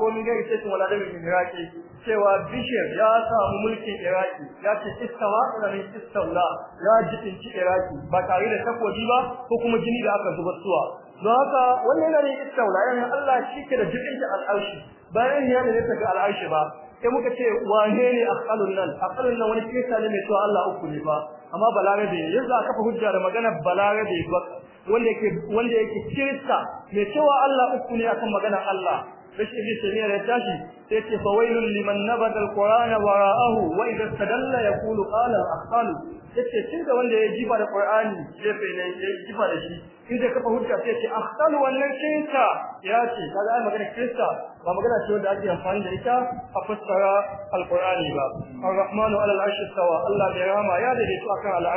ko ni dai ce wala da min iraki cewa bishir ya samu mulkin iraki ya ce istawa da min istawla ya ci iraki ba tare da takobi ba ko kuma jini da aka zuba suwa don haka wannan yana ne istawla yana Allah shi ke da ta al'arshi bayan ya ne ta ga al'arshi ba sai muka ce wane ne aqalun nan aqalun nan wani kisa ne mai to Allah uku ne ba amma balarabe yanzu aka fa hujja da magana balarabe ba wanda yake wanda yake kirista mai cewa Allah uku ne akan magana Allah rashin bi sai ya tashi sai ce fawailul liman nabada alqur'ana wara'ahu wa idza tadalla yaqulu qala al-aqal yace tunda wanda ya jifa da qur'ani jefe ne ya jifa da shi in da kafa hujja sai ce aqal wannan kinka ya ce kaga ai magana kirista ba magana ce wanda ake amfani da ita a fassara alqur'ani ba ar-rahmanu 'ala al wa Allah bai rama ya daidaito akan al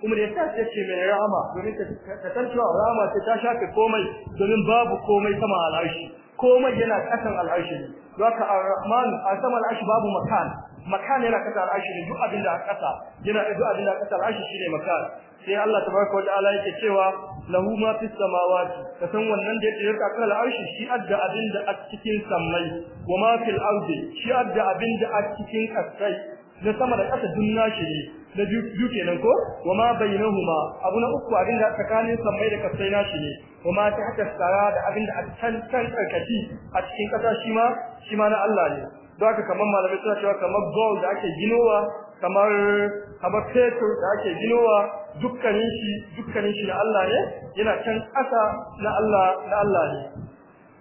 kuma da yasa ta ce mai rama, domin ta tarkiwa rama ce ta shafe komai domin babu komai sama al'arshi komai yana kasan al'arshi ne doka ar-rahman a sama al'arshi babu makan makan yana kasan al'arshi duk abin da a kasa yana duk abin da a kasa al'arshi shine makan sai Allah tabaraka wa ta'ala yake cewa lahu ma fis samawati san wannan da yake kasan al'arshi shi adda abin da a cikin samai, wa ma fil ardi shi adda abin da a cikin kasai na sama da ƙasa duk nashi ne na biyu kenan ko wa ma bainahuma abu na uku abin da tsakanin samai da kasai nashi ne wa ma ta haka tsara da abin da a can can karkashi a cikin ƙasa shi ma shi ma na Allah ne don haka kamar malamai suna cewa kamar gold da ake ginowa kamar kamar fetur da ake ginowa dukkanin shi dukkanin shi na Allah ne yana can ƙasa na Allah na Allah ne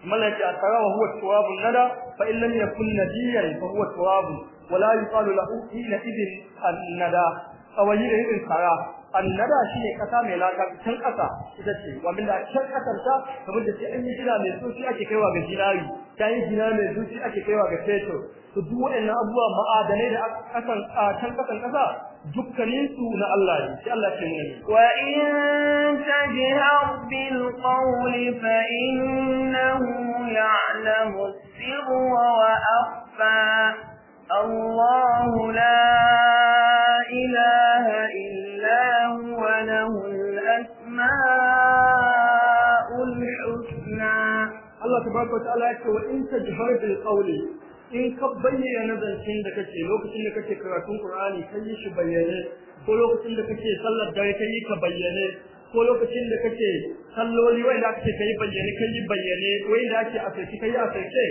malaka tsara wa huwa tawabun nada fa in yakun nadiyan fa huwa tawabun ولا يقال له الا ابن الندى او يرى ابن خرا الندى شيء كتا ملاكا كان ومن كان كتا تا كما تدشي ان جنا من سوشي اكي كيوا بجناري كان جنا من سوشي اكي كيوا بسيتو تدو ان ابوا ما ادني اكن كان كتا كتا سونا الله شاء الله كنين وإن تجهر بالقول فإنه يعلم السر وأخفى الله لا إله إلا هو له الأسماء الحسنى الله تبارك وتعالى وإن تجهر بالقول in ka bayyana zancen da kake lokacin da kake karatun Qur'ani kai shi bayyane ko lokacin da kake sallar dare kai ka bayyane ko lokacin da kake salloli wanda ake kai bayyane kai bayyane wanda ake asirce kai asirce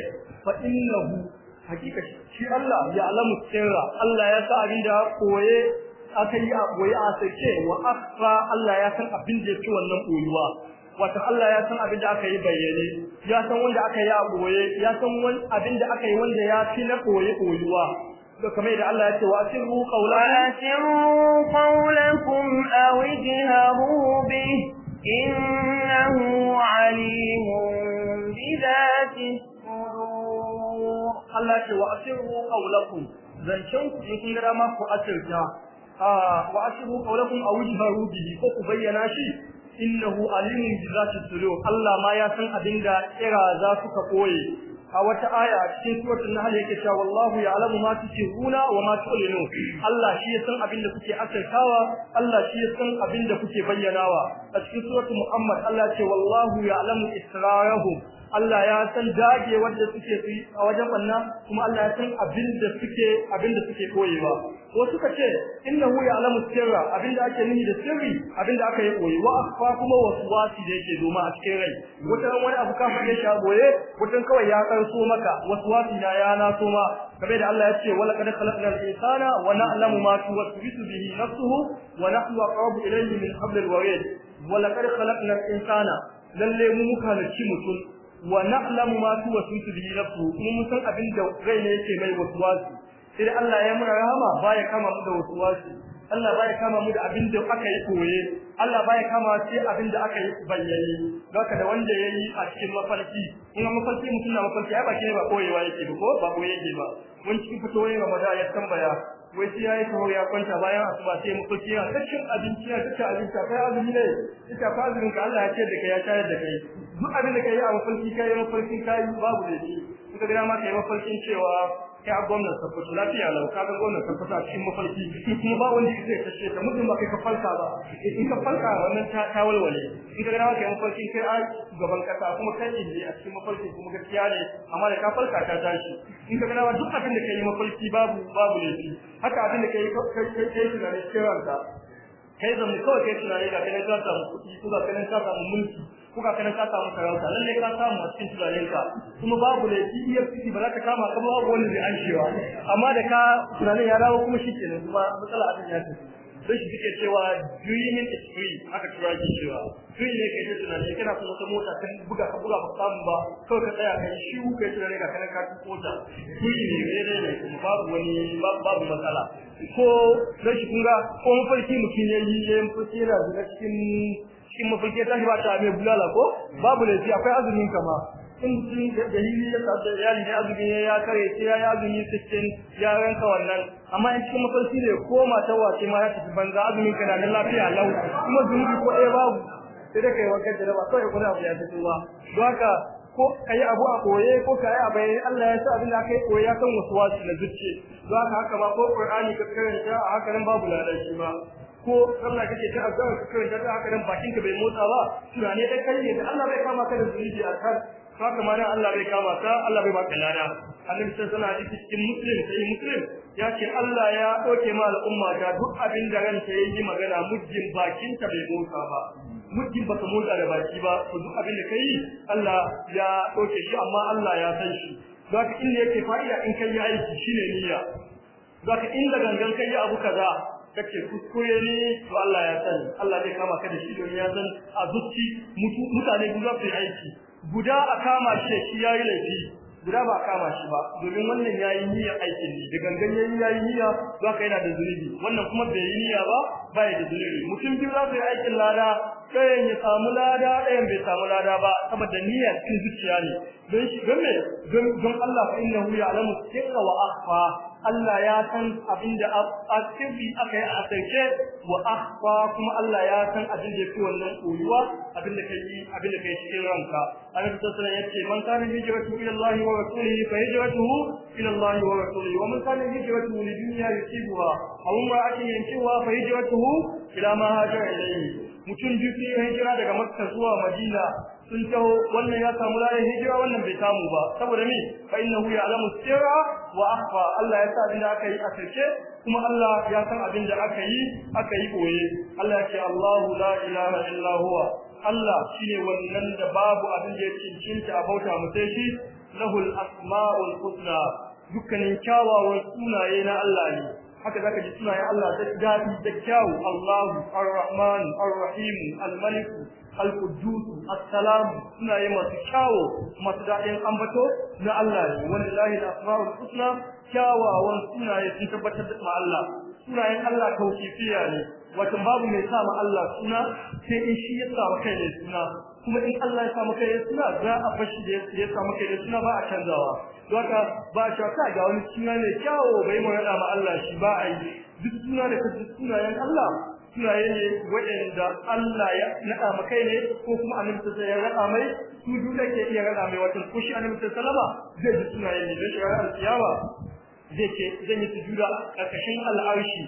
fa innahu hakika shi Allah ya alamu sirra Allah ya sa abin da koye aka yi a koye a sace wa akhfa Allah ya san abin da yake wannan koyuwa wato Allah ya san abin da aka yi bayyane ya san wanda aka yi a koye ya san abin da aka yi wanda ya fi na koye koyuwa kamar yadda Allah ya ce wa asirru qawlan qawlakum aw ijharu bi Allah ce wa asirru qawlakum zancen ku in kun ma ku asirta wa asirru qawlakum aw jharu bihi ko ku bayyana shi innahu alimun bi zati sudur Allah ma ya san abin da kira za su ka koye a wata aya cikin suratul nahl yake cewa wallahu ya'lamu ma tusirruna wa ma tu'linu Allah shi ya san abin da kuke asirtawa Allah shi ya san abin da kuke bayyanawa a cikin suratul muhammad Allah ce wallahu ya'lamu israrahum Allah ya san dage wanda suke yi a wajen banna kuma Allah ya san abin da suke abin da suke koyewa ko suka ce innahu ya'lamu sirra abin da ake nuni da sirri abin da aka yi koyi wa akhfa kuma waswasi da yake doma a cikin rai wata wani abu kafa ya sha boye wata kawai ya karso maka waswasi na ya na so ma kamar da Allah ya ce wala kad khalaqnal insana wa na'lamu ma tuwaswisu bihi nafsuhu wa nahnu aqrabu ilayhi min hablil warid wala kad khalaqnal insana lalle mu muka halicci mutum wa na'lamu ma wasitu bihi nafsu kuma mun san abin da rai ne yake mai wasuwasi sai Allah ya muna rahama baya kama mu da wasuwasi Allah baya kama mu da abin da aka yi koye Allah baya kama sai abin da aka yi bayyane haka da wanda yayi a cikin mafarki in mafarki mutum na mafarki ai ba ke ba koyewa yake ba ko ba koyewa yake ba mun cikin fito ne Ramadan ya tambaya wai sai yayi kawo ya kwanta bayan asuba sai mu kuci ya cikin abinci ya cikin abinci kai azumi ne ita fa ka Allah ya ce da kai ya tayar da kai duk abin da kai a mafarki kai mafarki kai babu da shi suka ka gina ma yi mafarkin cewa kai a gwamnan sakkwato lafiya lau ka ga gwamnan sakkwato a cikin mafarki kuma ba wanda zai kashe ta mutum ba kai ka falka ba in ka falka wannan ta ta walwale ka gina ma yi mafarkin kai a gaban kasa kuma kai ne a cikin mafarki kuma gaskiya ne amma da ka falka ta tashi in ka gina ma duk abin da yi mafarki babu babu laifi haka abin da kai kai kai kai tunanin cewa kai zan kawai kai tunani ga kai ka samu kuɗi ko ga kai ta samu mulki kuka kana ka samu sarauta lalle ka samu a cikin tunaninka kuma babu ne iya fiti ba za ta kama ka babu wani zai an shewa amma da ka tunanin ya dawo kuma shi ke shikenan kuma matsala abin ya tafi sai shi suke cewa dreaming is free haka kira ki cewa free ne kai ta tunani kana kuma wata mota kan buga ka buga ba samu ba kawai ka tsaya kai shi kai tunani ka kana ka mota free ne kai ne kuma babu wani babu matsala ko sai shi kun ko mafarki mutum ya yi ya yi mafarki yana cikin cikin mafarki ya tashi ba ta mai bulala ko babu laifi akwai azumin kama in mutum da hili ya tafi ya ne azumi ya kare sai ya yi azumi cikin ya ranka wannan amma in cikin mafarki ne ko mata wace ma ya tafi banza azumin ka na lafiya lau kuma zunubi ko ɗaya babu sai da kai da jaraba kawai kuna abu ya tafi ba haka ko kai abu a koye ko kai a bayyane Allah ya sa abin da kai koya kan wasu wasu na zuciya don haka haka ma ko Qur'ani ka karanta a hakan babu lalaci ba ko Allah kake ta azza ka karanta da haka dan bakin ka bai motsa ba tunane da kai ne da Allah bai kama ka da zuciya a kan haka ma Allah bai kama ka Allah bai baka lada annabi sallallahu alaihi wasallam cikin muslim sai muslim ya ce Allah ya doke ma al'umma ta duk abin da ranta yayi magana mujin bakin ka bai motsa ba mujin baka motsa da baki ba to duk abin da kai Allah ya doke shi amma Allah ya san shi zaka inda yake fa'ida in kai aiki shine niyya zaka inda gangan kai abu kaza kake kuskure ne to Allah ya sani Allah zai kama ka da shi don ya san a zuci mutane guda su aiki guda a kama shi shi yayi laifi guda ba kama shi ba domin wannan yayi niyya aikin ne da gangan yayi yayi niyya za ka yana da zunubi wannan kuma bai yi niyya ba bai da zunubi mutum biyu za su yi aikin lada ɗayan ya samu lada ɗayan bai samu lada ba saboda niyya cikin zuciya ne don shi don me don Allah fa innahu ya'lamu sirra wa akhfa Allah ya san abinda asirri aka yi a asirce wa akhfa kuma Allah ya san abin da yake wannan koyuwa abin da ka kai abin da kai cikin ranka annabi sallallahu alaihi wasallam yace man kana hijratu ila Allah wa rasulihi fa hijratuhu ila Allah wa rasulihi wa man kana hijratuhu li dunya yusibuha aw ma akin yancewa fa hijratuhu ila ma hajara ilayhi mutum duk sai hijira daga Makka zuwa Madina sun taho wannan ya samu ladan hijira wannan bai samu ba saboda me fa innahu ya'lamu sirra wa akhfa Allah ya san abin da aka yi a sirke kuma Allah ya san abin da aka yi aka yi boye Allah ya ce Allahu la ilaha illa huwa Allah shine wannan da babu abin da ya cincinta a bauta mu sai shi lahul asmaul husna dukkanin kyawawan sunaye na Allah ne haka zaka ji sunaye Allah da dadi da kyawu Allahu Ar-Rahman Ar-Rahim Al-Malik alkudusu qudus suna yi masu kyawo masu daɗin ambato na Allah ne Wani lahi da asmaul husna kyawawan yi sun tabbatar da Allah yin Allah tawfifiya ne wato babu mai sa ma Allah suna sai in shi ya sa kai ne suna kuma in Allah ya sa maka ne suna za a fashi da ya sa maka ne suna ba a canzawa don haka ba a shaka ga wani suna ne kyawo bai mu ma Allah shi ba a yi duk suna da suna yin Allah sunaye ne waɗanda Allah ya naɗa ma kai ne ko kuma annabi sallallahu alaihi ya naɗa mai su duka ke iya naɗa mai wato ko shi annabi sallallahu alaihi zai ji sunaye ne zai shiga ran ciyawa zai ce zan yi sujuda a ƙarƙashin al'arshi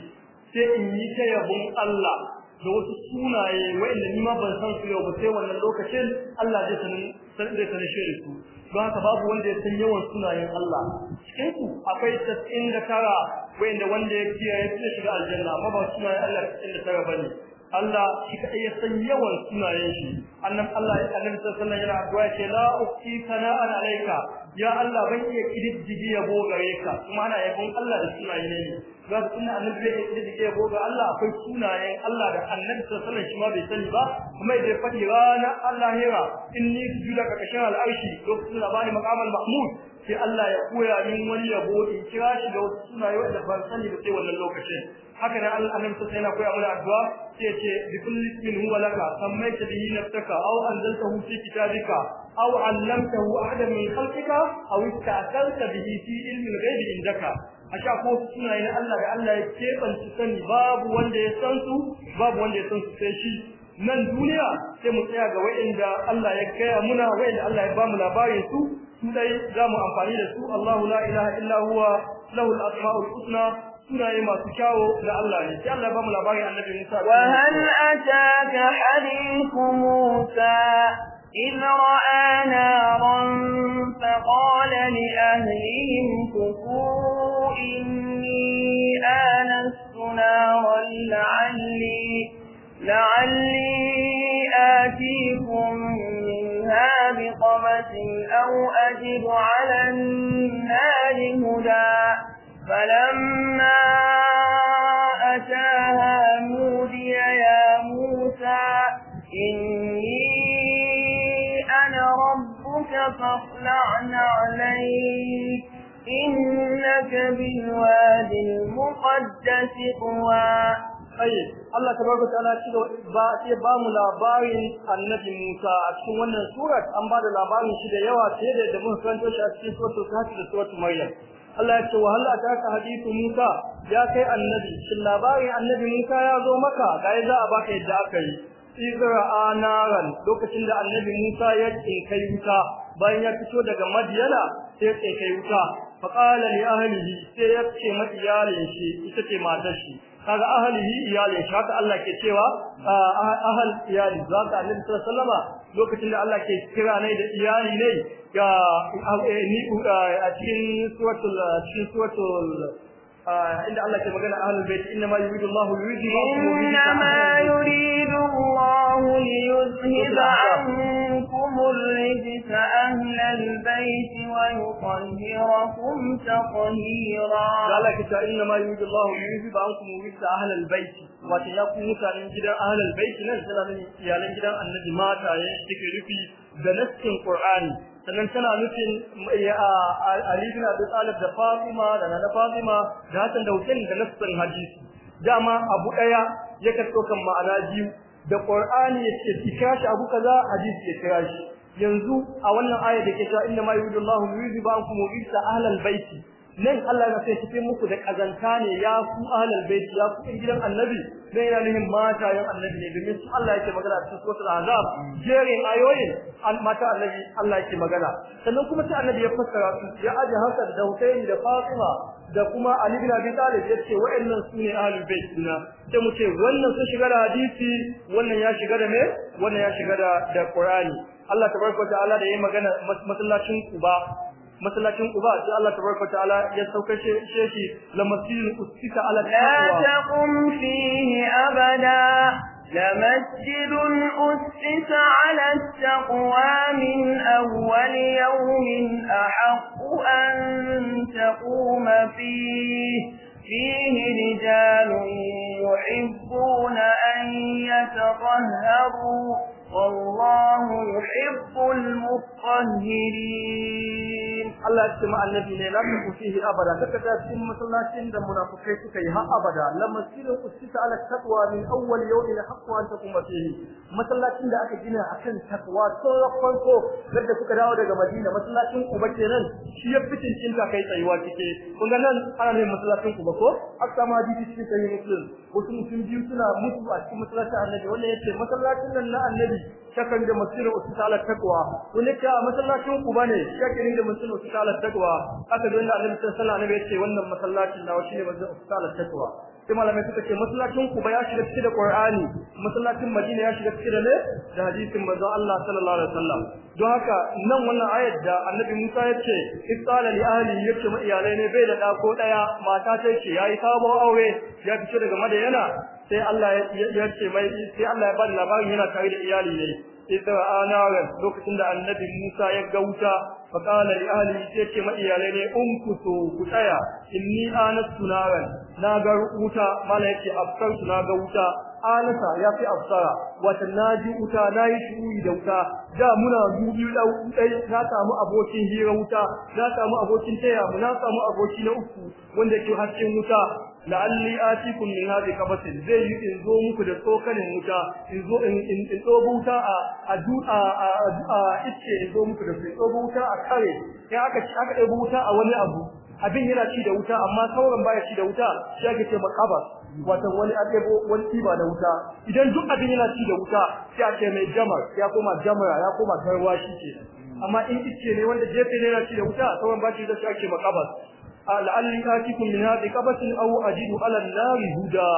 sai in yi ta yabon Allah da wasu sunaye waɗanda ni ma ban san su yau ba sai wannan lokacin Allah zai sanin zai sanin shi su don haka babu wanda ya san yawan sunayen Allah cikin ku akwai 99 wanda wanda ya kiyaye ya shiga aljanna amma ba sunayen Allah 99 bane Allah shi kai ya san yawan sunayen shi annabi Allah ya annabi sallallahu alaihi yana addu'a ce la ukti kana alayka ya Allah ban iya kididdige yabo gare ka kuma ana yabon Allah da sunaye ne ga sunan annabi bai kididdige yabo ga Allah akwai sunayen Allah da annabi sallallahu alaihi wasallam bai sani ba kuma da fadi rana Allah nera. inni sujuda ka kashin al'arshi lokacin da bani maqamal mahmud sai Allah ya koya min wani yabo in kira shi da wasu sunaye wanda ban sani da sai wannan lokacin haka nan Allah annabi sai yana koya mana addu'a sai ce bi kulli ismin huwa laka sammaita bihi nafsaka aw anzaltahu fi kitabika aw 'allamtahu ahadan min khalqika aw ista'salta bihi fi ilmi al-ghaibi indaka asha ko suna yin Allah da Allah ya su sani babu wanda ya san su babu wanda ya san su sai shi nan duniya sai mu tsaya ga wa'inda Allah ya kaya muna wa'inda Allah ya ba mu labarin su su dai za mu amfani da su Allahu la ilaha illa huwa lahu al-asma'ul husna وهل أتاك حديث موسى إذ رأى نارا فقال لأهلهم كفوا إني آنست نارا لعلي لعلي آتيكم منها بقبس أو أجد على النار هدى فَلَمَّا أَتَاهَا نُودِيَ يَا مُوسَى إِنِّي أَنَا رَبُّكَ فَاخْلَعْ نَعْلَيْكَ إِنَّكَ بِالْوَادِ الْمُقَدَّسِ طُوًى طيب الله تبارك وتعالى كده با تي با ملا النبي موسى في wannan سوره an ba da labarin shi da yawa sai da سورة مريم Allah ya ce wa hal ataka hadithu Musa ya kai annabi shin labarin annabi Musa ya zo maka kai za a baka yadda aka yi isra anaran lokacin da annabi Musa ya ce kai wuta bayan ya fito daga Madiyana sai ce kai wuta fa qala li ahlihi sai ya ce ma shi ita ce matar shi kaga ahlihi iyalin shi haka Allah ke cewa ah, ahal iyali zaka annabi sallallahu alaihi wasallama lokacin da Allah ke kira ne da iyali ne ga eh, eh, a cikin suratul cikin suratul inda Allah ke magana ahlul bait inna ma yuridu Allahu yuzhibakum inna ma yuridu Allahu liyuzhiba ankum ar-rijsa ahlal bait wa yutahhirakum tatheera Allah ke ta inna ma yuridu Allahu liyuzhiba ankum ar-rijsa ahlal bait wa tayakum mutanen gidan ahlal bait nan suna ne iyalan gidan annabi mata yake rufi da nassin Qur'ani sannan tana nufin eh, Ali bin Abi Talib da Fatima da Nana Fatima da Hassan da Hussein da nassin hadisi dama abu daya yake kan ma'ana biyu da Qur'ani yake kira abu kaza hadisi ya kira yanzu a wannan aya da ke cewa inna ma yuridullahu yuridu wa ahlal baiti nan Allah ya sai cikin muku da kazanta ne ya ku ahlul bait ya ku gidan annabi dan yana nihin mata yan annabi ne domin su Allah yake magana cikin suratul azab jerin ayoyin al mata annabi Allah yake magana sannan kuma sai annabi ya fassara su ya aje Hassan da Husayn da Fatima da kuma Ali bin Abi Talib yace wa'annan su ne ahlul bait dina sai mu ce wannan sun shiga da hadisi wannan ya shiga da me wannan ya shiga da da Qur'ani Allah tabaraka wa ta'ala da yayi magana masallacin Quba masallacin Quba sai Allah tabaraka ta'ala ya saukar shi la masjidun ustika ala taqwa la taqum fihi abada لمسجد أسس على التقوى من أول يوم أحق أن تقوم فيه فيه رجال يحبون أن يتطهروا والله يحب المطهرين الله يسمع النبي لا تكون فيه أبدا فكذا سن مسلاتين دم منافقين كي ها أبدا لما سير أسس على التقوى من أول يوم إلى حق أن تقوم فيه مسلاتين ده أكجنا أكن تقوى صرف فانكو لقد كذا ودع مدينة مسلاتين أبكرن شيء بتشين كذا كي تيواتي كي ونحن أنا من مسلاتين أبكو أكثر ما دي تشين كي مسلم وسمو سنجيو سنا مسلم أكثر مسلاتين النبي ولا يصير مسلاتين النبي shakan da masjidu usala takwa kulika masallacin ku bane shakin da masjidu usala takwa aka dole Allah Annabi sallallahu alaihi wasallam ya ce wannan masallacin nawa shine masjidu usala takwa sai malamai suka ce masallacin Quba ya shiga cikin da Qur'ani masallacin Madina ya shiga cikin da ne da hadisin manzo Allah sallallahu alaihi wasallam don haka nan wannan ayat da Annabi Musa ya ce isala li ahli yace ma iyalai ne bai da da ko daya mata ta ce yayi sabon aure ya fice daga Madina sai Allah ya ce mai sai Allah ya bada labarin yana tare da iyali ne idza anaran lokacin da Annabi Musa ya gauta fa qala li ahli yace ma iyalai ne umkusu ku tsaya inni anastu naran na ga wuta mala yace afsartu na ga wuta anasa ya fi afsara wata naji wuta nayi shuyi da wuta da muna dubi da wutai na samu abokin hira wuta na samu abokin taya mu na samu aboki na uku wanda ke hakkin wuta la'alli atikum min hadhihi qabatin zai yi in zo muku da tsokanin wuta in zo in in wuta a addu'a a a ice in zo muku da su tsobo wuta a kare sai aka aka ɗebo wuta a wani abu abin yana ci da wuta amma sauran baya ci da wuta shi ake ce makabar wato wani ɗebo wani tiba da wuta idan duk abin yana ci da wuta sai ake mai jamar ya koma jamara ya koma garwa shi ke amma in ice ne wanda jefe ne yana ci da wuta sauran ba shi da shi ake makabar la'alli atikum min hadhi qabatin aw ajidu ala an huda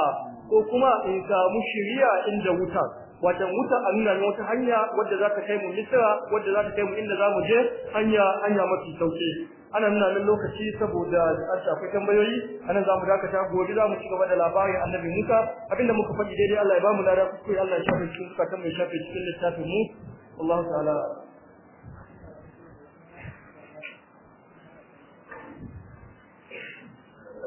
ko kuma in samu shiriya inda wuta wata wuta a nuna ne wata hanya wadda za ta kai mu misira wadda za ta kai mu inda za mu je hanya hanya mafi sauki ana nuna nan lokaci saboda an akwai tambayoyi anan za mu dakata gobe za mu ci gaba da labarin annabi Musa abinda muka faɗi daidai Allah ya ba mu lada kuskure Allah ya shafe cikin suka tambaye shafe cikin littafin mu Allah ta'ala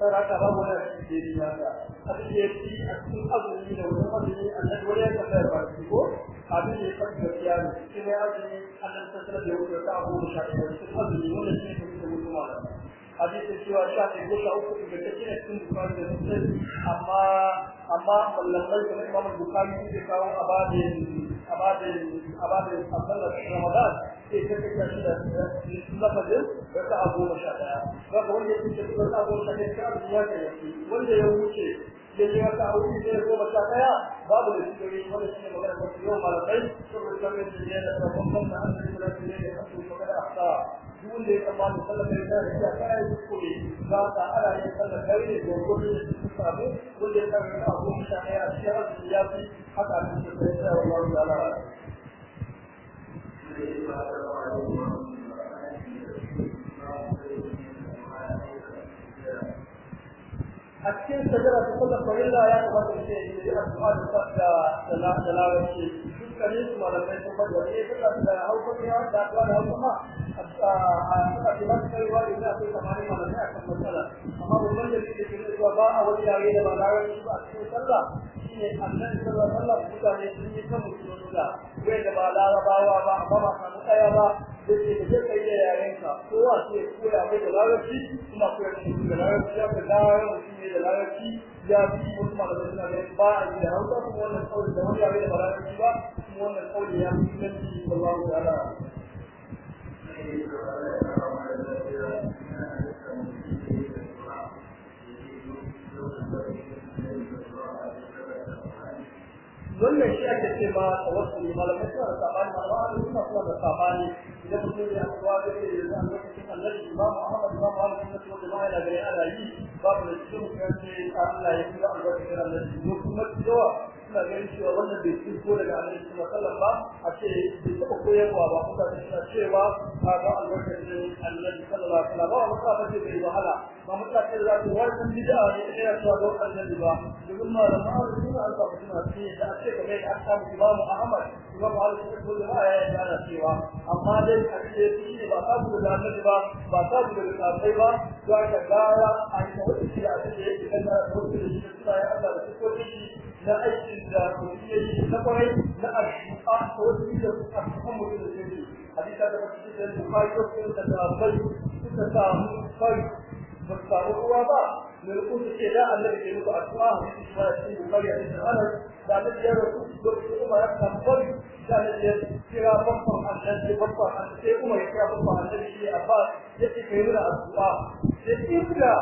sai haka babu da ke riya da abin da yake a cikin azumi da wannan azumi annabi wani ya tafi ba shi ko abin da yake da riya ne sai ya ji annabi sallallahu alaihi wasallam da abu da shi azumi wannan shi ne da mutum hadisin cewa sha ɗaya ko sha uku ingantacce ne cikin bukari da muslim amma amma mallamai kamar imam bukari sun ke kawo a babin a babin a babin sallar ramadan sai ta kika shi da lafazin raka a goma sha ɗaya raka wanda ya kuce ta a goma sha ɗaya ta abin ya kai wanda ya wuce ya je raka ba sha babu da cikin wanda shi ne magana ta yau malamai saboda kamar da ya da ta kan da an da da ya da da ya duk wanda ya tsammani sallar dare ta da ta yi kuskure za ta ala yin sallar dare ne da gurbin da su sabu wanda ya tsara da abu mutane a cikin rasu ya fi haka a cikin da ya tsaya wa Allah ta'ala a cikin sajara ta sallar ya kamata mutum ya da sallar da lalace dukkanin su malamai sun bada ne suka da hausa ne wanda aka da hausa a suka ce masu kaiwa da ina sai kamar malamai a kan matsala amma babban da ke cikin zuwa ba a wani yare da ba larar su ba a cikin sallah shine annabi sallallahu alaihi wasallam mutane sun yi kan musulunta wanda ba larabawa ba amma ba samu ɗaya ba yake da zai kai da yarenka kowa sai koya da larabci kuma koyar da mutum da larabci ya fi da larabci ya fi kuma malamai suna ganin ba a gida hausa kuma wannan kawai da wani yare da ba larabci ba kuma wannan kawai ya fi inganci da babu da ala. wannan shi ake ce ma tawakkuli malamai suna da sabani amma an suna suna da sabani idan mutum ya kuwa da ke da lokacin annabi imam Ahmad imam ba da kuma ba da gare ana yi babu da cikin kan sai Allah ya kula da annabi kuma yawa suna ganin cewa wannan bai ci ko daga amince suna kallon ba a ce bai taɓa koyarwa ba kuma suna cewa ta ga albarkacin annabi sallallahu alaihi wasallam ba muka ba ce bai wahala ba muka ce za ku wannan bid'a ne da ya tsaya don annabi ba domin malama suna alfa suna ce da a ce kamar aka samu imamu ahmad imamu ahmad suna cewa amma dai a ce ta da ba ba ta su da sahabbai ba to aka gara an ta shi yake kan da wata shi suna ya Allah da sukoki shi na aiki da kuke yi na kwarai na addu'a a wata shi da kuma mutum da shi hadisa da cikin da Bukhari da cikin da sahabbai suka samu kai ba su samu ruwa ba da rukun su ce da annabi ke muku addu'a da shi da da da kuma sai ya kira babban annabi babban annabi sai kuma ya kira babban annabi shi abbas ya ce kai mura addu'a sai kira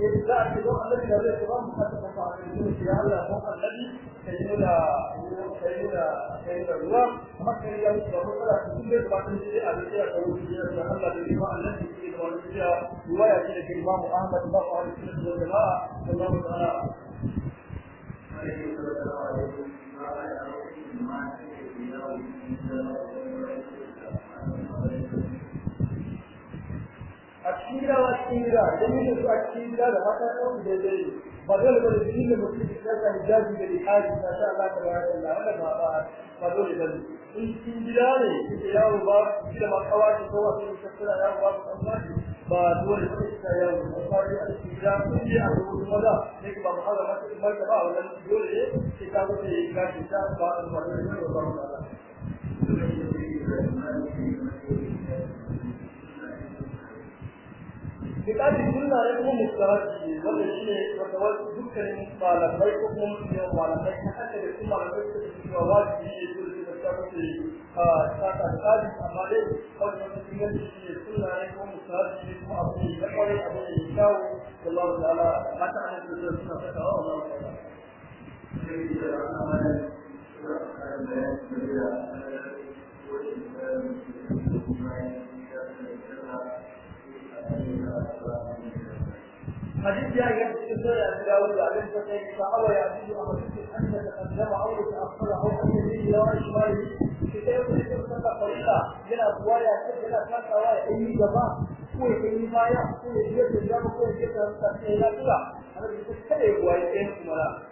ya da shi don annabi da zai kuma mu kasa a annabi shi Allah don annabi kai mura kai mura kai mura ruwa amma kai ya mutu da mura cikin da ba ta ji a cikin da wuri ya da Allah da kuma annabi shi da wani ya ruwa ya ce da Imam Ahmad bin Bakar bin Jama'a sallallahu ta'ala alaihi wa a cikin gida ba a da mata da da cikin da mutum da ta ba ba dole ba in gida ne kuke yawo ba gida ma kawace ko ba dole ba ba a cikin gida kun a rubutu maza ba mu haɗa mata in ba dole ne ka wuce ka ce ta ba Bidati sunna ne kuma mustarafi ne wanda shi ne wanda dukkanin malamai ko kuma mutum malamai ta haka da kuma malamai ta da ne su da ta a saka tsari amma dai wanda mutum shi ne suna ne kuma mustarafi ne kuma abu ne da kwarai abu ne da kyau da ta'ala mata an da suna fada wa Allah ta'ala. da ana حديث جاء يحدث سورة الداود عن الفتي فأوى يعبد أمرك أن تتقدم أو تتأخر أو أن يزيد إلى شماله كتاب يتمسك قليلا من أبوال يعتد إلى ثلاث أوايا أي جبا هو يكون ما يحصل يجيب الجامعة هو يجيب الجامعة إلى كلا أنا بسكت كلا يبوال يتمسك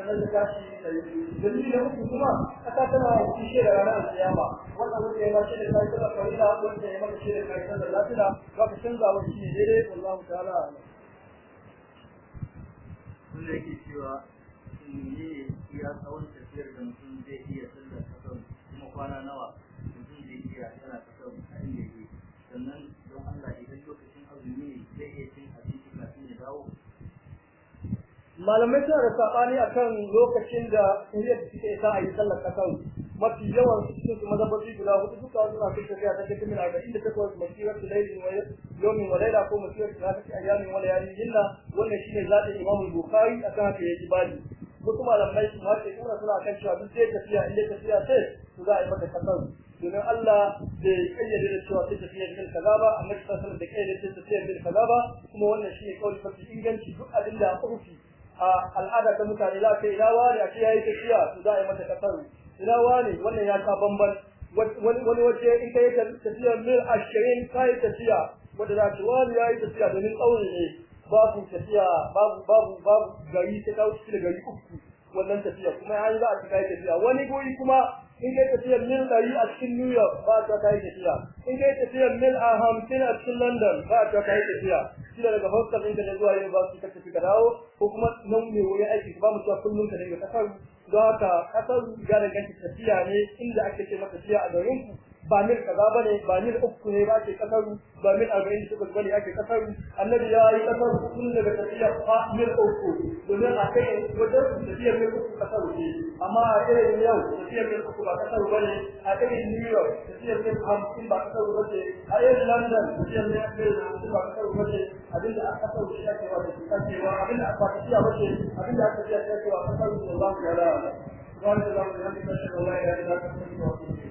sannan ta tashi ta yi dalili da uku kuma ƙasa tana kishe da ranar alƙiyama wannan wanda ya bashi da kai tana farida wanda ya maka shi da kai tana lafiya za ka canza wa shi ne daidai wallahu ta'ala wanda yake cewa ne ya tsawon tafiyar da mutum zai iya sallar kasar kuma kwana nawa malamai suna da saɓani a kan lokacin da tahiyar da suke isa a yi sallar ƙasar mafi yawan su cikin su mazabaci guda hudu duka suna fi tafiya ta cikin arba'in da takwas masirar su laili yomin walaila ko masirar su lafi ayyamin wala yayin yilla wannan shi ne shine zaɓin imamul a kan haka ya ji bali wasu malamai su ma ke kuna suna kan cewa duk zai tafiya in ya tafiya sai su za a yi mata ƙasar domin Allah bai kayyade da cewa sai tafiya bil kaza ba amma shi sallar da kayyade sai tafiya bil kaza ba kuma wannan shi ne kawai mafi inganci duk abin da aka a al'ada ta mutane za ka ina wani a ce yayi tafiya su za a yi mata kasar ina wani wannan ya ka bambam? wani wace in ka yi tafiya mil ashirin ka yi tafiya wanda za ta wani ya yi tafiya domin tsauri ne babu tafiya babu babu babu gari ta kawo cikin gari uku wannan tafiya kuma ya yi za a ci ka yi tafiya wani goyi kuma in kai tafiyar mil ɗari a cikin New York ba ta kai tafiya in kai tafiyar mil a hamsin a cikin London ba ta kai tafiya shi daga hostel ka da zuwa university ka tafi ka dawo ko kuma nan mai wurin aiki ba mu cewa kullum ka dinga kasar don haka kasar ya danganta tafiya ne inda ake ce maka tafiya a garin ku ba mil kaza bane ba mil uku ne ba ke kasaru ba mil arba'in da takwas bane ake kasaru annabi ya yi kasaru kun daga tafiya fa mil uku domin a kai wajen tafiya mil uku kasaru ne amma a irin yau tafiya mil uku ba kasaru bane a irin new york tafiya mil hamsin ba kasaru bane a irin london tafiya mil hamsin ba kasaru bane da aka kasaru shi ake wata abin da aka tafiya bace abinda aka tafiya kasewa kasaru sallallahu alaihi wa sallam. Wani da zamu yi hankali da Allah ya yi ne